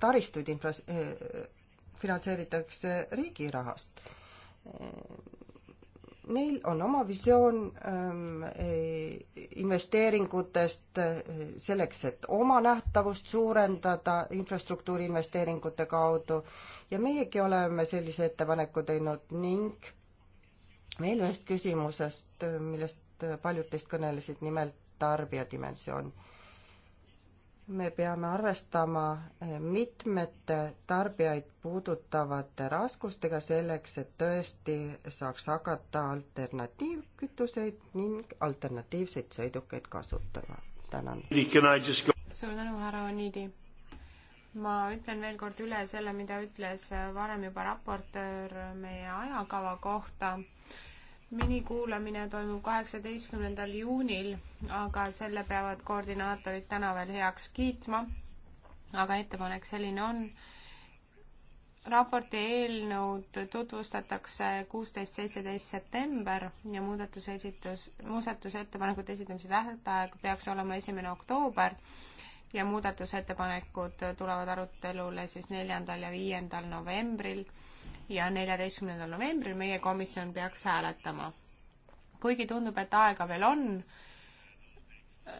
Speaker 3: taristuid infra-, finantseeritakse riigi rahast. Neil on oma visioon ähm, e, investeeringutest äh, selleks, et oma nähtavust suurendada infrastruktuuri investeeringute kaudu ja meiegi oleme sellise ettepaneku teinud ning veel ühest küsimusest, äh, millest paljud teist kõnelesid, nimelt tarbijadimensioon me peame arvestama eh, mitmete tarbijaid puudutavate raskustega selleks, et tõesti saaks hakata alternatiivkütuseid ning alternatiivseid sõidukeid kasutama. tänan.
Speaker 2: suur tänu, härra Oniidi. ma ütlen veel kord üle selle, mida ütles varem juba raportöör meie ajakava kohta minikuulamine toimub kaheksateistkümnendal juunil, aga selle peavad koordinaatorid täna veel heaks kiitma. aga ettepanek selline on. raporti eelnõud tutvustatakse kuusteist, seitseteist september ja muudatuse esitus, muudatusettepanekute esitamise tähtaeg peaks olema esimene oktoober ja muudatusettepanekud tulevad arutelule siis neljandal ja viiendal novembril ja neljateistkümnendal novembril meie komisjon peaks hääletama. kuigi tundub, et aega veel on, äh,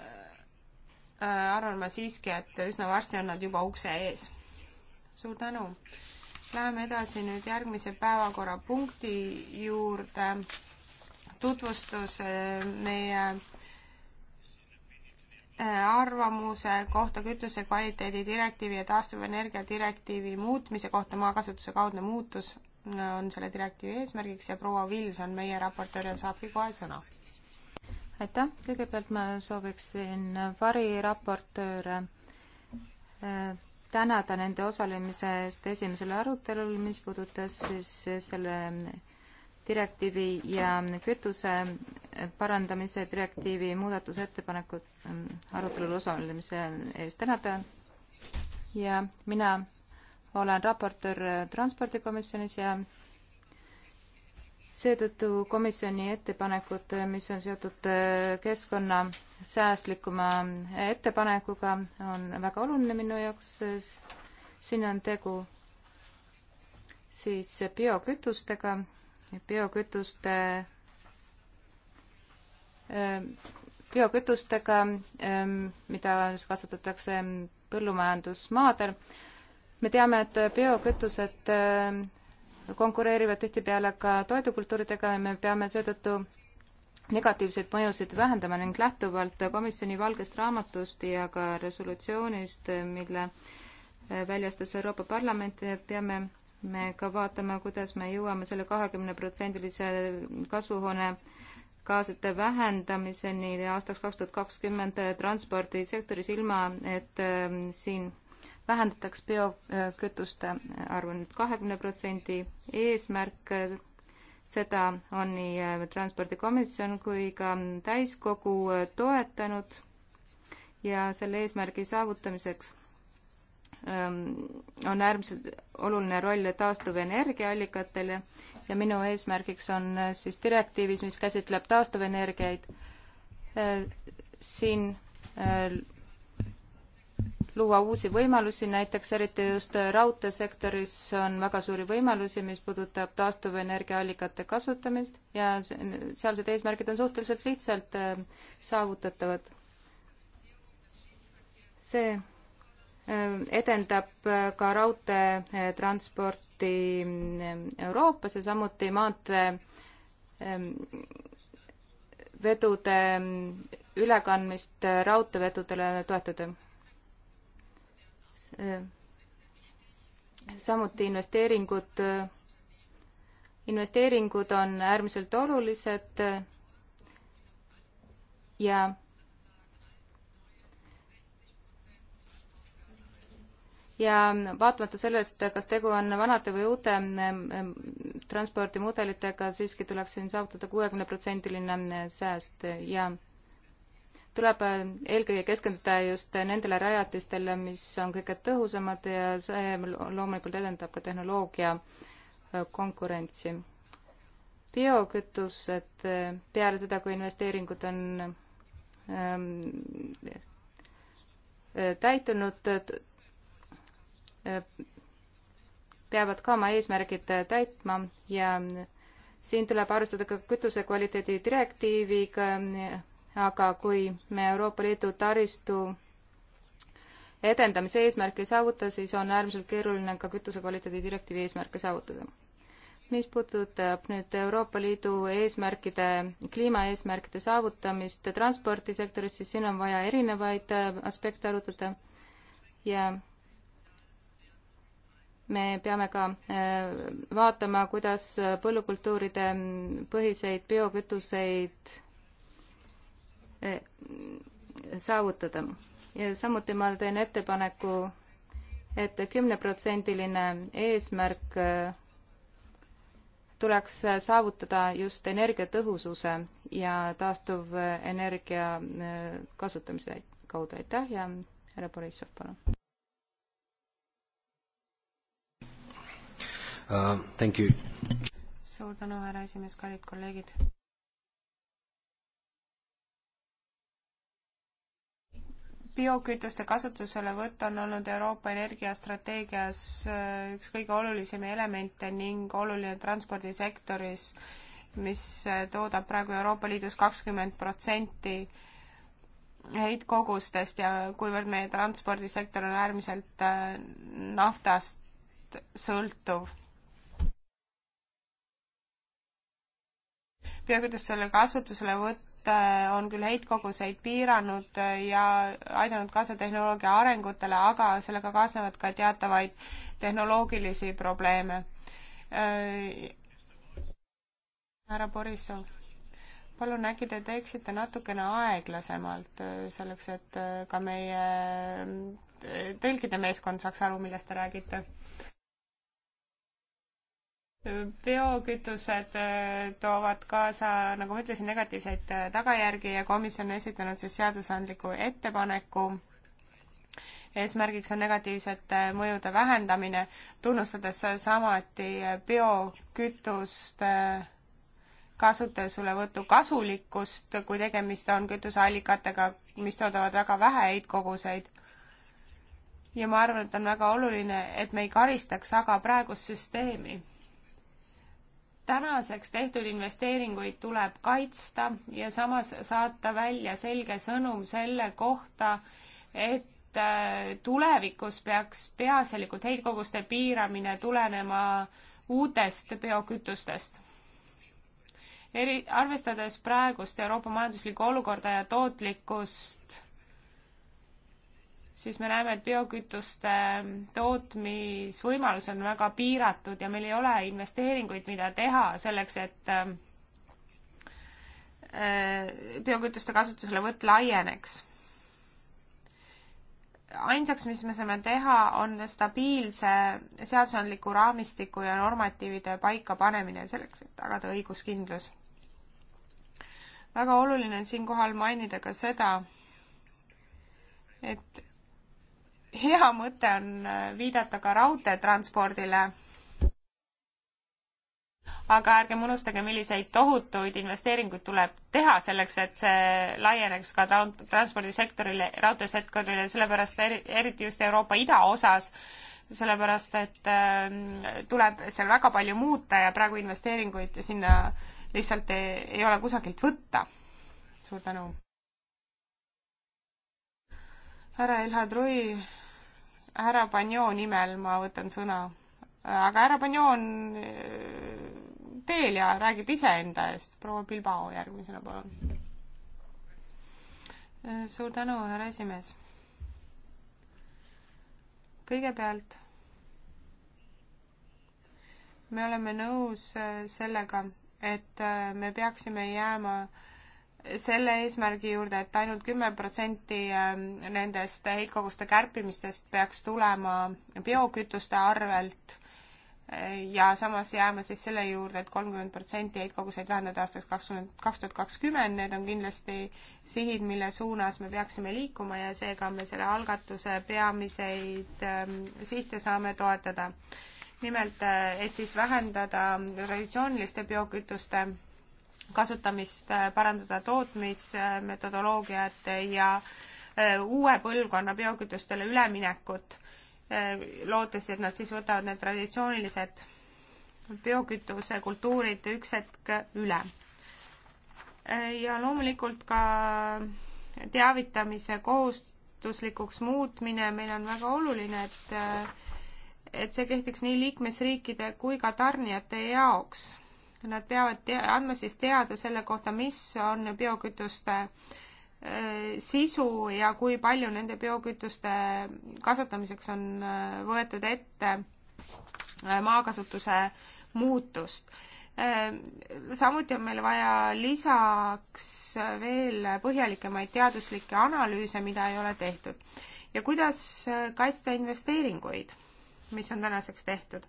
Speaker 2: äh, arvan ma siiski, et üsna varsti on nad juba ukse ees. suur tänu! Läheme edasi nüüd järgmise päevakorrapunkti juurde. tutvustus äh, meie arvamuse kohta kütuse kvaliteedi direktiivi ja taastuvenergia direktiivi muutmise kohta maakasutuse kaudne muutus on selle direktiivi eesmärgiks ja proua Vilson, meie raportöör, saabki kohe sõna.
Speaker 1: aitäh, kõigepealt ma sooviksin variraportööre äh, tänada nende osalemise eest esimesel arutelul, mis puudutas siis selle direktiivi ja kütuse parandamise direktiivi muudatusettepanekud ähm, arutelul osalemise eest tänada ja mina olen raportöör Transpordikomisjonis ja seetõttu komisjoni ettepanekud, mis on seotud äh, keskkonna säästlikuma ettepanekuga, on väga oluline minu jaoks. siin on tegu siis biokütustega biokütuste, ähm, biokütustega, ähm, mida kasutatakse põllumajandusmaadel. me teame, et biokütused ähm, konkureerivad tihtipeale ka toidukultuuridega ja me peame seetõttu negatiivseid mõjusid vähendama ning lähtuvalt komisjoni valgest raamatust ja ka resolutsioonist, mille äh, väljastas Euroopa Parlament, peame me ka vaatame, kuidas me jõuame selle kahekümneprotsendilise kasvuhoone gaaside vähendamiseni aastaks kaks tuhat kakskümmend transpordisektoris, ilma et ähm, siin vähendataks biokütuste arvu nüüd kahekümne protsendi eesmärk, seda on nii äh, Transpordikomisjon kui ka täiskogu äh, toetanud ja selle eesmärgi saavutamiseks Ähm, on äärmiselt oluline roll taastuvenergiaallikatele ja minu eesmärgiks on äh, siis direktiivis, mis käsitleb taastuvenergiaid, äh, siin äh, luua uusi võimalusi, näiteks eriti just raudteesektoris on väga suuri võimalusi, mis puudutab taastuvenergiaallikate kasutamist ja sealsed eesmärgid on suhteliselt lihtsalt saavutatavad. see edendab ka raudteetransporti Euroopas ja samuti maanteevedude ehm, ülekandmist raudteevedudele toetada. samuti investeeringud, investeeringud on äärmiselt olulised ja ja vaatamata sellest, kas tegu on vanade või uute transpordimudelitega, siiski tuleks siin saavutada kuuekümne protsendiline sääst ja tuleb eelkõige keskenduda just nendele rajatistele, mis on kõige tõhusamad ja see loomulikult edendab ka tehnoloogia konkurentsi. biokütused e, peale seda, kui investeeringud on ähm, täitunud, peavad ka oma eesmärgid täitma ja siin tuleb arvestada ka kütuse kvaliteedi direktiiviga, aga kui me Euroopa Liidu taristu edendamise eesmärki ei saavuta, siis on äärmiselt keeruline ka kütuse kvaliteedi direktiivi eesmärke saavutada. mis puudutab nüüd Euroopa Liidu eesmärkide, kliimaeesmärkide saavutamist transpordisektoris, siis siin on vaja erinevaid aspekte arutada ja me peame ka äh, vaatama, kuidas põllukultuuride põhiseid biokütuseid äh, saavutada. ja samuti ma teen ettepaneku et, et kümneprotsendiline eesmärk äh, tuleks saavutada just energiatõhususe ja taastuvenergia kasutamise kaudu. aitäh ja härra Borissov, palun!
Speaker 3: uh,. Thank you.
Speaker 2: suur tänu, härra esimees, kallid kolleegid. biokütuste kasutuselevõtt on olnud Euroopa energiastrateegias äh, üks kõige olulisem elemente ning oluline transpordisektoris, mis äh, toodab praegu Euroopa Liidus kakskümmend protsenti heitkogustest ja kuivõrd meie transpordisektor on äärmiselt äh, naftast sõltuv biokütuste kasutuselevõtt on küll heitkoguseid piiranud ja aidanud kaasa tehnoloogia arengutele, aga sellega kaasnevad ka teatavaid tehnoloogilisi probleeme. Äh, härra Borissov, palun äkki te teeksite natukene aeglasemalt, äh, selleks et äh, ka meie tõlkide meeskond saaks aru, millest te räägite biokütused äh, toovad kaasa, nagu ma ütlesin, negatiivseid äh, tagajärgi ja komisjon on esitanud siis seadusandliku ettepaneku. eesmärgiks on negatiivsete äh, mõjude vähendamine, tunnustades samuti biokütuste kasutuselevõtu kasulikkust, kui tegemist on kütuseallikatega, mis toodavad väga vähe heitkoguseid ja ma arvan, et on väga oluline, et me ei karistaks aga praegust süsteemi tänaseks tehtud investeeringuid tuleb kaitsta ja samas saata välja selge sõnum selle kohta, et äh, tulevikus peaks peaasjalikult heitkoguste piiramine tulenema uutest biokütustest. eri, arvestades praegust Euroopa majanduslikku olukorda ja tootlikkust siis me näeme, et biokütuste tootmisvõimalus on väga piiratud ja meil ei ole investeeringuid, mida teha selleks, et äh, biokütuste kasutuselevõtt laieneks. ainsaks, mis me saame teha, on stabiilse seadusandliku raamistiku ja normatiivide paikapanemine selleks, et tagada õiguskindlus. väga oluline on siinkohal mainida ka seda, et hea mõte on äh, viidata ka raudteetranspordile. aga ärgem unustage, milliseid tohutuid investeeringuid tuleb teha selleks, et see laieneks ka transpordisektorile, raudteesektorile, sellepärast eriti just Euroopa idaosas, sellepärast et ähm, tuleb seal väga palju muuta ja praegu investeeringuid sinna lihtsalt ei, ei ole kusagilt võtta. suur tänu! härra Elhad Rui härra Pagnon nimel ma võtan sõna. aga härra Pagnon äh, teel ja räägib iseenda eest. proua Bilbao järgmisena, palun. Äh, suur tänu, härra esimees. kõigepealt me oleme nõus äh, sellega, et me peaksime jääma äh, selle eesmärgi juurde, et ainult kümme protsenti ähm, nendest heitkoguste kärpimistest peaks tulema biokütuste arvelt äh, ja samas jääma siis selle juurde et, et kolmkümmend protsenti heitkoguseid vähendada aastaks kakskümmend, kaks tuhat kakskümmend, need on kindlasti sihid, mille suunas me peaksime liikuma ja seega me selle algatuse peamiseid ähm, sihte saame toetada. nimelt, äh, et siis vähendada traditsiooniliste biokütuste kasutamist äh, parandada, tootmismetodoloogiat ja äh, uue põlvkonna biokütustele üleminekut, äh, lootes, et nad siis võtavad need traditsioonilised biokütuse kultuurid üks hetk üle. ja loomulikult ka teavitamise kohustuslikuks muutmine, meil on väga oluline, et et see kehtiks nii liikmesriikide kui ka tarnijate jaoks nad peavad te-, andma siis teada selle kohta, mis on biokütuste äh, sisu ja kui palju nende biokütuste kasutamiseks on äh, võetud ette äh, maakasutuse muutust. samuti on meil vaja lisaks veel põhjalikemaid teaduslikke analüüse, mida ei ole tehtud. ja kuidas kaitsta investeeringuid, mis on tänaseks tehtud?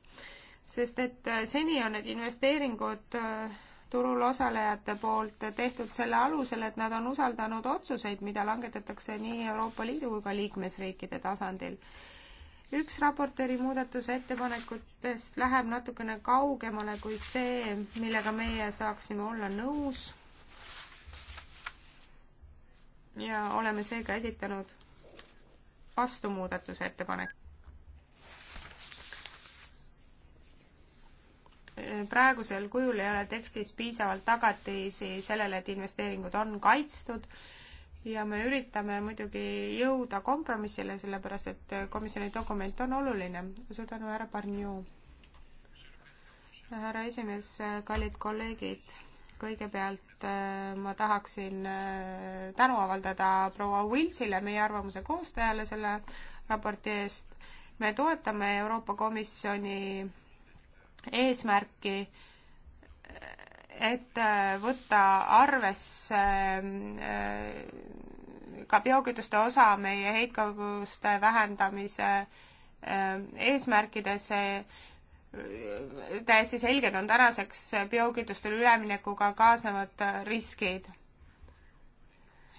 Speaker 2: sest et äh, seni on need investeeringud äh, turul osalejate poolt tehtud selle alusel, et nad on usaldanud otsuseid, mida langetatakse nii Euroopa Liidu kui ka liikmesriikide tasandil. üks raportööri muudatusettepanekutest läheb natukene kaugemale kui see, millega meie saaksime olla nõus. ja oleme seega esitanud vastumuudatusettepaneku. praegusel kujul ei ole tekstis piisavalt tagatisi sellele, et investeeringud on kaitstud ja me üritame muidugi jõuda kompromissile, sellepärast et komisjoni dokument on oluline. suur tänu, härra Barnjuu. härra esimees, kallid kolleegid, kõigepealt äh, ma tahaksin äh, tänu avaldada proua Wilsile, meie arvamuse koostajale selle raporti eest. me toetame Euroopa Komisjoni eesmärki, et võtta arvesse äh, ka biokütuste osa meie heitkoguste vähendamise äh, eesmärkides. täiesti selged on tänaseks biokütustele üleminekuga kaasnevad riskid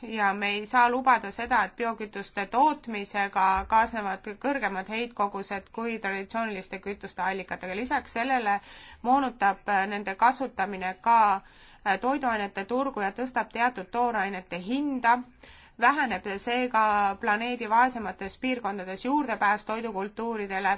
Speaker 2: ja me ei saa lubada seda, et biokütuste tootmisega kaasnevad kõrgemad heitkogused kui traditsiooniliste kütuste allikatega. lisaks sellele moonutab nende kasutamine ka äh, toiduainete turgu ja tõstab teatud toorainete hinda väheneb seega planeedi vaesemates piirkondades juurdepääs toidukultuuridele,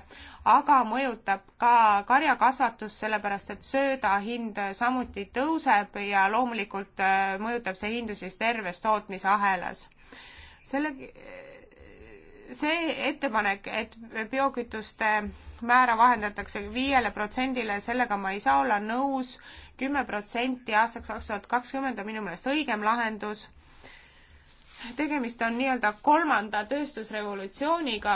Speaker 2: aga mõjutab ka karjakasvatust, sellepärast et sööda hind samuti tõuseb ja loomulikult äh, mõjutab see hindu siis terves tootmisahelas. selle see ettepanek, et biokütuste määra vahendatakse viiele protsendile, sellega ma ei saa olla nõus. kümme protsenti aastaks kaks tuhat kakskümmend on minu meelest õigem lahendus tegemist on nii-öelda kolmanda tööstusrevolutsiooniga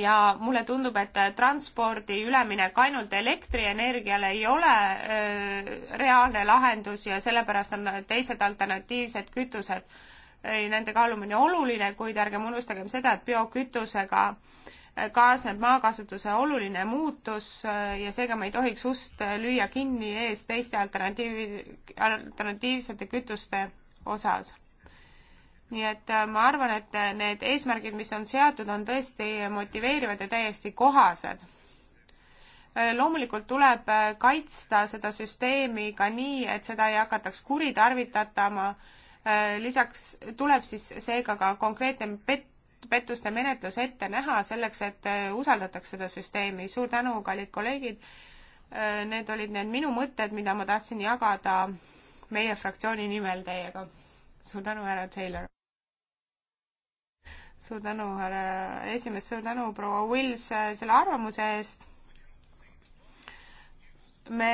Speaker 2: ja mulle tundub, et transpordi üleminek ainult elektrienergiale ei ole öö, reaalne lahendus ja sellepärast on teised alternatiivsed kütused, nende kaalumine oluline, kuid ärgem unustagem seda, et biokütusega kaasneb maakasutuse oluline muutus ja seega me ei tohiks ust lüüa kinni ees teiste alternatiiv, alternatiivsete kütuste osas nii et äh, ma arvan, et äh, need eesmärgid, mis on seatud, on tõesti motiveerivad ja täiesti kohased. Äh, loomulikult tuleb kaitsta seda süsteemi ka nii, et seda ei hakataks kuritarvitatama. lisaks tuleb siis seega ka konkreetne pett, pettuste menetlus ette näha selleks, et usaldataks seda süsteemi. suur tänu, kallid kolleegid. Need olid need minu mõtted, mida ma tahtsin jagada meie fraktsiooni nimel teiega suur tänu, härra Taylor! suur tänu, härra esimees, suur tänu, proua Wills, selle arvamuse eest! me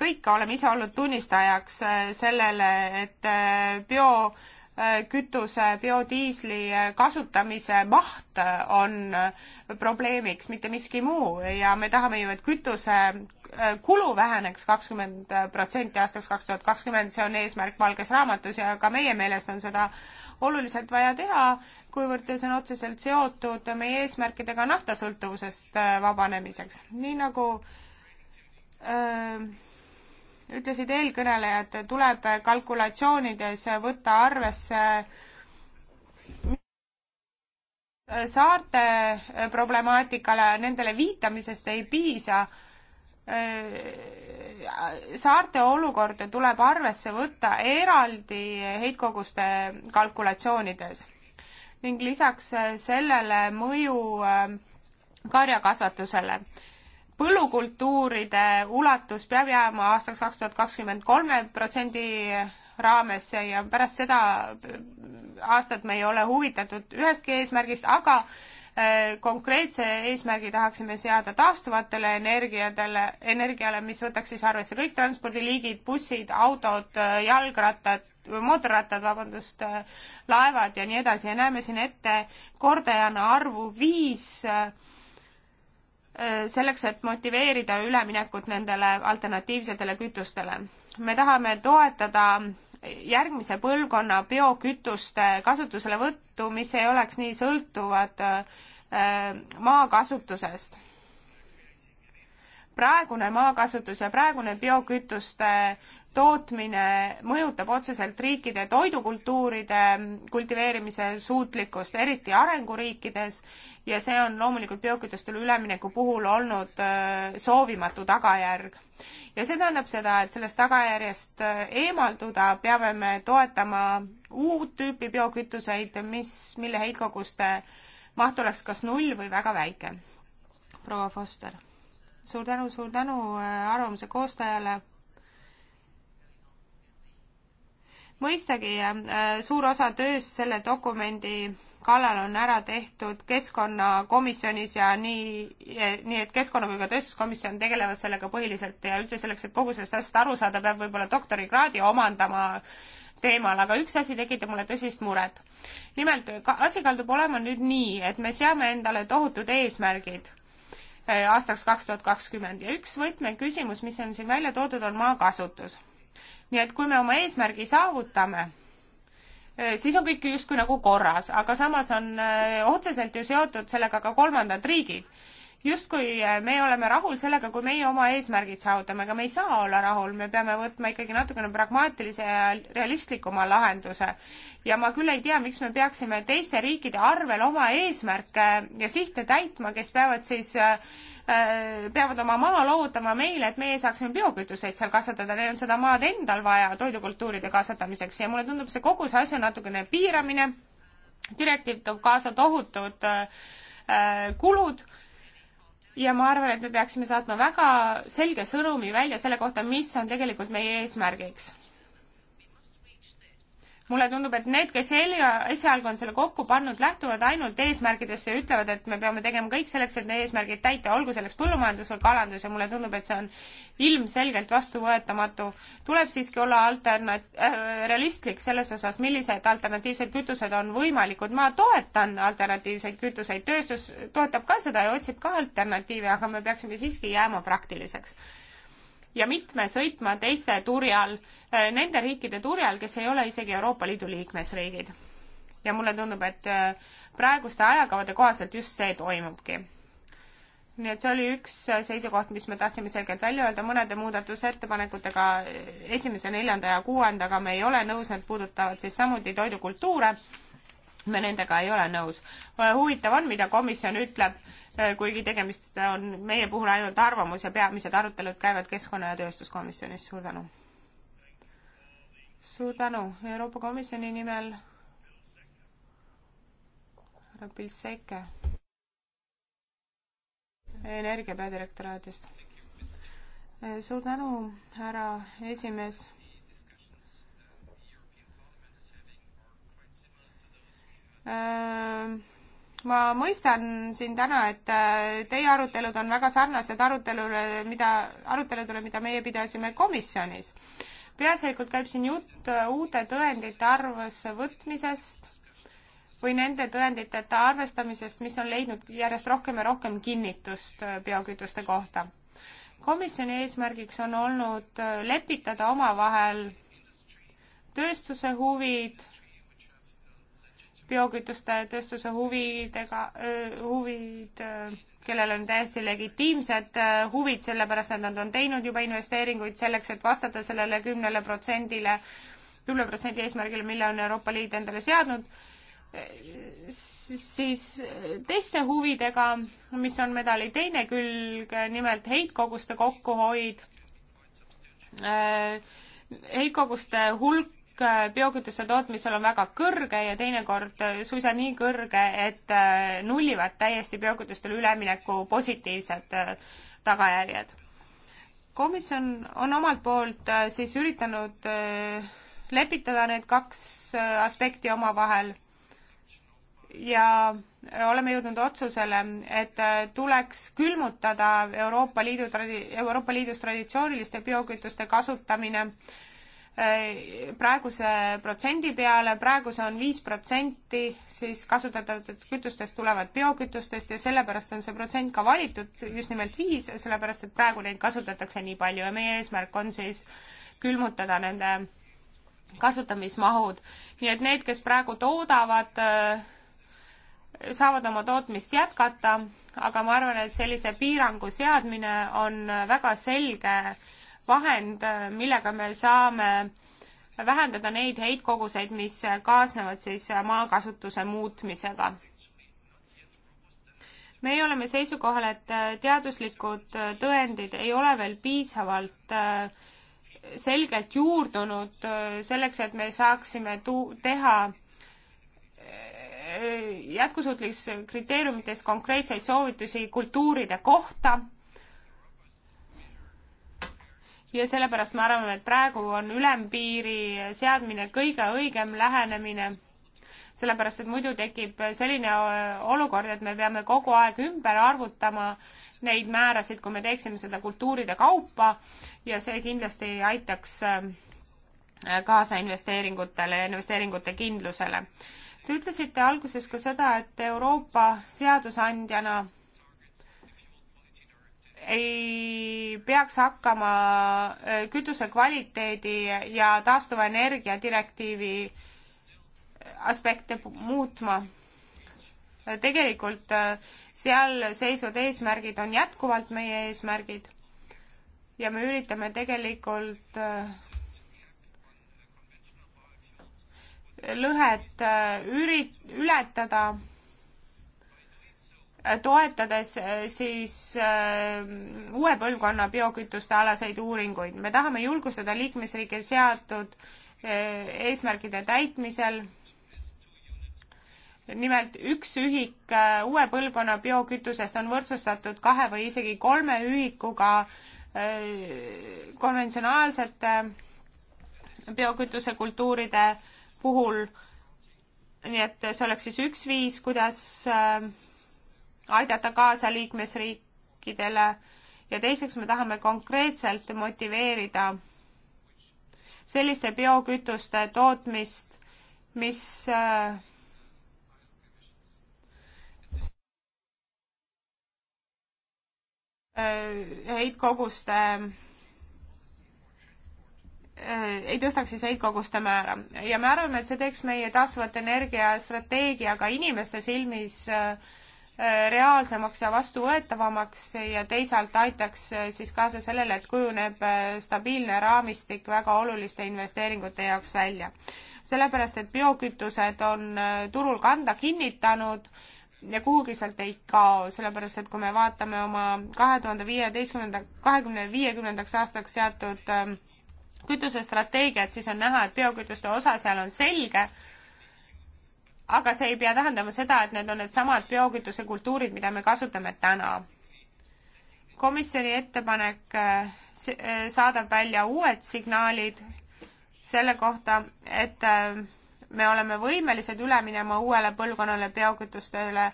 Speaker 2: kõik oleme ise olnud tunnistajaks äh, sellele, et äh, biokütuse, biodiisli äh, kasutamise maht on probleemiks, mitte miski muu ja me tahame ju, et kütuse Äh, kulu väheneks kakskümmend äh, protsenti aastaks kaks tuhat kakskümmend, see on eesmärk Valges Raamatus ja ka meie meelest on seda oluliselt vaja teha, kuivõrd see on otseselt seotud meie eesmärkidega naftasõltuvusest äh, vabanemiseks. nii nagu öö, ütlesid eelkõnelejad, tuleb kalkulatsioonides võtta arvesse saarte problemaatikale, nendele viitamisest ei piisa Äh, saarte olukorda tuleb arvesse võtta eraldi heitkoguste kalkulatsioonides ning lisaks äh, sellele mõju äh, karjakasvatusele. põllukultuuride ulatus peab jääma aastaks kaks tuhat kakskümmend kolme protsendi raamesse ja pärast seda äh, aastat me ei ole huvitatud ühestki eesmärgist, aga äh, konkreetse eesmärgi tahaksime seada taastuvatele energiadele, energiale, mis võtaks siis arvesse kõik transpordiliigid, bussid, autod, äh, jalgrattad, mootorrattad, vabandust, laevad ja nii edasi ja näeme siin ette kordajana arvu viis selleks, et motiveerida üleminekut nendele alternatiivsetele kütustele. me tahame toetada järgmise põlvkonna biokütuste kasutuselevõttu, mis ei oleks nii sõltuvad äh, maakasutusest. praegune maakasutus ja praegune biokütuste tootmine mõjutab otseselt riikide toidukultuuride kultiveerimise suutlikkust, eriti arenguriikides, ja see on loomulikult biokütustele ülemineku puhul olnud äh, soovimatu tagajärg ja see tähendab seda, et sellest tagajärjest äh, eemalduda peame me toetama uut tüüpi biokütuseid, mis, mille heitkoguste maht oleks kas null või väga väike. proua Foster, suur tänu, suur tänu äh, arvamuse koostajale mõistagi äh, suur osa tööst selle dokumendi kallal on ära tehtud keskkonnakomisjonis ja nii, nii et keskkonna kui ka tööstuskomisjon tegelevad sellega põhiliselt ja üldse selleks, et kogu sellest asjast aru saada, peab võib-olla doktorikraadi omandama teemal, aga üks asi tekitab mulle tõsist muret. nimelt, asi kaldub olema nüüd nii, et me seame endale tohutud eesmärgid eh, aastaks kaks tuhat kakskümmend ja üks võtmeküsimus, mis on siin välja toodud, on maakasutus. nii et kui me oma eesmärgi saavutame, Äh, siis on kõik justkui nagu korras, aga samas on äh, otseselt ju seotud sellega ka kolmandad riigid. justkui äh, me oleme rahul sellega, kui meie oma eesmärgid saavutame, aga me ei saa olla rahul, me peame võtma ikkagi natukene pragmaatilise ja realistlikuma lahenduse. ja ma küll ei tea, miks me peaksime teiste riikide arvel oma eesmärke ja sihte täitma, kes peavad siis äh, Äh, peavad oma maa loovutama meile, et meie saaksime biokütuseid seal kasvatada, neil on seda maad endal vaja toidukultuuride kasvatamiseks ja mulle tundub see kogu see asi on natukene piiramine. direktiiv toob kaasa tohutud äh, kulud ja ma arvan, et me peaksime saatma väga selge sõnumi välja selle kohta, mis on tegelikult meie eesmärgiks mulle tundub, et need, kes esialgu on selle kokku pannud, lähtuvad ainult eesmärgidesse ja ütlevad, et me peame tegema kõik selleks, et need eesmärgid täita, olgu selleks põllumajandus või kalandus ja mulle tundub, et see on ilmselgelt vastuvõetamatu. tuleb siiski olla alternat- äh,, realistlik selles osas, millised alternatiivsed kütused on võimalikud. ma toetan alternatiivseid kütuseid, tööstus toetab ka seda ja otsib ka alternatiive, aga me peaksime siiski jääma praktiliseks ja mitme sõitma teiste turjal, eh, nende riikide turjal, kes ei ole isegi Euroopa Liidu liikmesriigid. ja mulle tundub, et eh, praeguste ajakavade kohaselt just see toimubki. nii et see oli üks eh, seisukoht, mis me tahtsime selgelt välja öelda, mõnede muudatusettepanekutega esimese, neljanda ja kuuendaga me ei ole nõus, need puudutavad siis samuti toidukultuure me nendega ei ole nõus. huvitav on, mida komisjon ütleb, eh, kuigi tegemist on meie puhul ainult arvamus ja peamised arutelud käivad Keskkonna- ja Tööstuskomisjonis, suur tänu. suur tänu, Euroopa Komisjoni nimel härra Pilseke energia peadirektoraadist. Eh, suur tänu, härra esimees Äh, ma mõistan siin täna, et äh, teie arutelud on väga sarnased arutelule, mida, aruteludele, mida meie pidasime komisjonis. peaasjalikult käib siin jutt äh, uute tõendite arvesse võtmisest või nende tõenditeta arvestamisest, mis on leidnud järjest rohkem ja rohkem kinnitust biokütuste kohta. komisjoni eesmärgiks on olnud lepitada omavahel tööstuse huvid biokütuste tööstuse huvidega, huvid, kellel on täiesti legitiimsed huvid, sellepärast et nad on teinud juba investeeringuid selleks, et vastata sellele kümnele protsendile, kümne protsendi eesmärgile, mille on Euroopa Liit endale seadnud, siis teiste huvidega, mis on medali teine külg, nimelt heitkoguste kokkuhoid, heitkoguste hulk hulk äh, biokütuste tootmisel on väga kõrge ja teinekord äh, suisa nii kõrge, et äh, nullivad täiesti biokütustele ülemineku positiivsed tagajärjed. komisjon on omalt poolt siis üritanud lepitada need kaks aspekti omavahel ja oleme jõudnud otsusele, et tuleks külmutada Euroopa Liidu, Euroopa Liidus traditsiooniliste biokütuste kasutamine Äh, praeguse protsendi peale, praegu see on viis protsenti, siis kasutatavatest kütustest tulevad biokütustest ja sellepärast on see protsent ka valitud just nimelt viis, sellepärast et praegu neid kasutatakse nii palju ja meie eesmärk on siis külmutada nende kasutamismahud. nii et need, kes praegu toodavad, äh, saavad oma tootmist jätkata, aga ma arvan, et sellise piirangu seadmine on väga selge vahend, millega me saame vähendada neid heitkoguseid, mis kaasnevad siis maakasutuse muutmisega. meie oleme seisukohal, et teaduslikud tõendid ei ole veel piisavalt äh, selgelt juurdunud äh, selleks, et me saaksime tu-, teha äh, jätkusuutlikes kriteeriumites konkreetseid soovitusi kultuuride kohta ja sellepärast me arvame, et praegu on ülempiiri seadmine kõige õigem lähenemine, sellepärast et muidu tekib selline äh, olukord, et me peame kogu aeg ümber arvutama neid määrasid, kui me teeksime seda kultuuride kaupa ja see kindlasti ei aitaks äh, kaasa investeeringutele ja investeeringute kindlusele. Te ütlesite alguses ka seda, et Euroopa seadusandjana ei peaks hakkama äh, kütuse kvaliteedi ja taastuva energia direktiivi äh, aspekte muutma. tegelikult äh, seal seisvad eesmärgid on jätkuvalt meie eesmärgid ja me üritame tegelikult lõhet üri-, ületada toetades äh, siis äh, uue põlvkonna biokütuste alaseid uuringuid. me tahame julgustada liikmesriike seatud äh, eesmärkide täitmisel. nimelt üks ühik uue põlvkonna biokütusest on võrdsustatud kahe või isegi kolme ühikuga konventsionaalsete biokütusekultuuride puhul. nii et see oleks siis üks viis, kuidas äh, aidata kaasa liikmesriikidele ja teiseks me tahame konkreetselt motiveerida selliste biokütuste tootmist, mis äh, heitkoguste äh, ei tõstaks siis heitkoguste määra ja me arvame, et see teeks meie taastuvate energiastrateegiaga inimeste silmis äh, reaalsemaks ja vastuvõetavamaks ja teisalt aitaks eh, siis kaasa sellele, et kujuneb eh, stabiilne raamistik väga oluliste investeeringute jaoks välja. sellepärast, et biokütused on eh, turul kanda kinnitanud ja kuhugi sealt ei kao, sellepärast et kui me vaatame oma kahe tuhande viieteistkümnenda, kahekümne viiekümnendaks aastaks seatud kütusestrateegiat, siis on näha, et biokütuste osa seal on selge, aga see ei pea tähendama seda, et need on needsamad biokütuse kultuurid, mida me kasutame täna. komisjoni ettepanek äh, äh, saadab välja uued signaalid selle kohta, et äh, me oleme võimelised üle minema uuele põlvkonnale biokütustele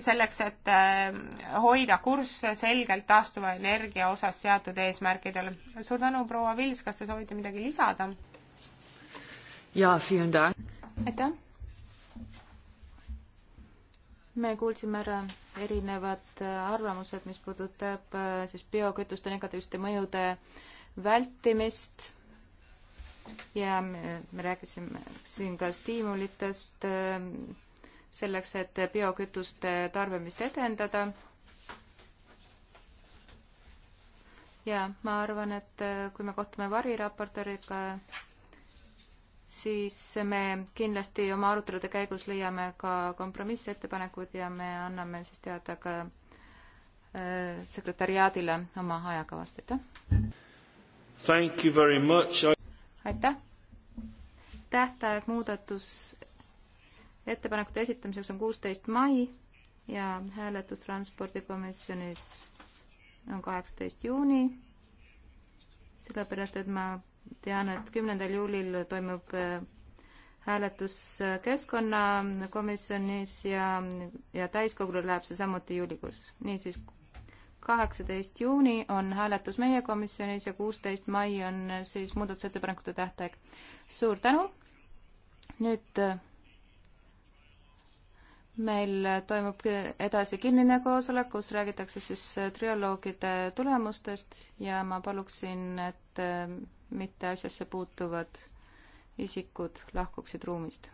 Speaker 2: selleks, et hoida kurss selgelt taastuva energia osas seatud eesmärkidel. suur tänu, proua Vils, kas te soovite midagi lisada?
Speaker 3: jaa,
Speaker 1: aitäh! me kuulsime ära erinevad äh, arvamused, mis puudutab äh, siis biokütuste negatiivsete mõjude vältimist ja me rääkisime siin ka stiimulitest ähm, selleks, et biokütuste tarbimist edendada. ja ma arvan, et äh, kui me kohtume variraportööriga, siis me kindlasti oma arutelude käigus leiame ka kompromissettepanekud ja me anname siis teada ka äh, sekretariaadile oma ajakavast, aitäh! aitäh! tähtaeg muudatus ettepanekute esitamiseks on kuusteist mai ja hääletus transpordikomisjonis on kaheksateist juuni, sellepärast et ma tean, et kümnendal juulil toimub äh, hääletus äh, keskkonnakomisjonis ja, ja täiskogule läheb see samuti juulikuus. niisiis, kaheksateist juuni on hääletus meie komisjonis ja kuusteist mai on äh, siis muudatusettepanekute tähtaeg. suur tänu! nüüd meil toimub edasi kinnine koosolek, kus räägitakse siis trioloogide tulemustest ja ma paluksin, et mitte asjasse puutuvad isikud lahkuksid ruumist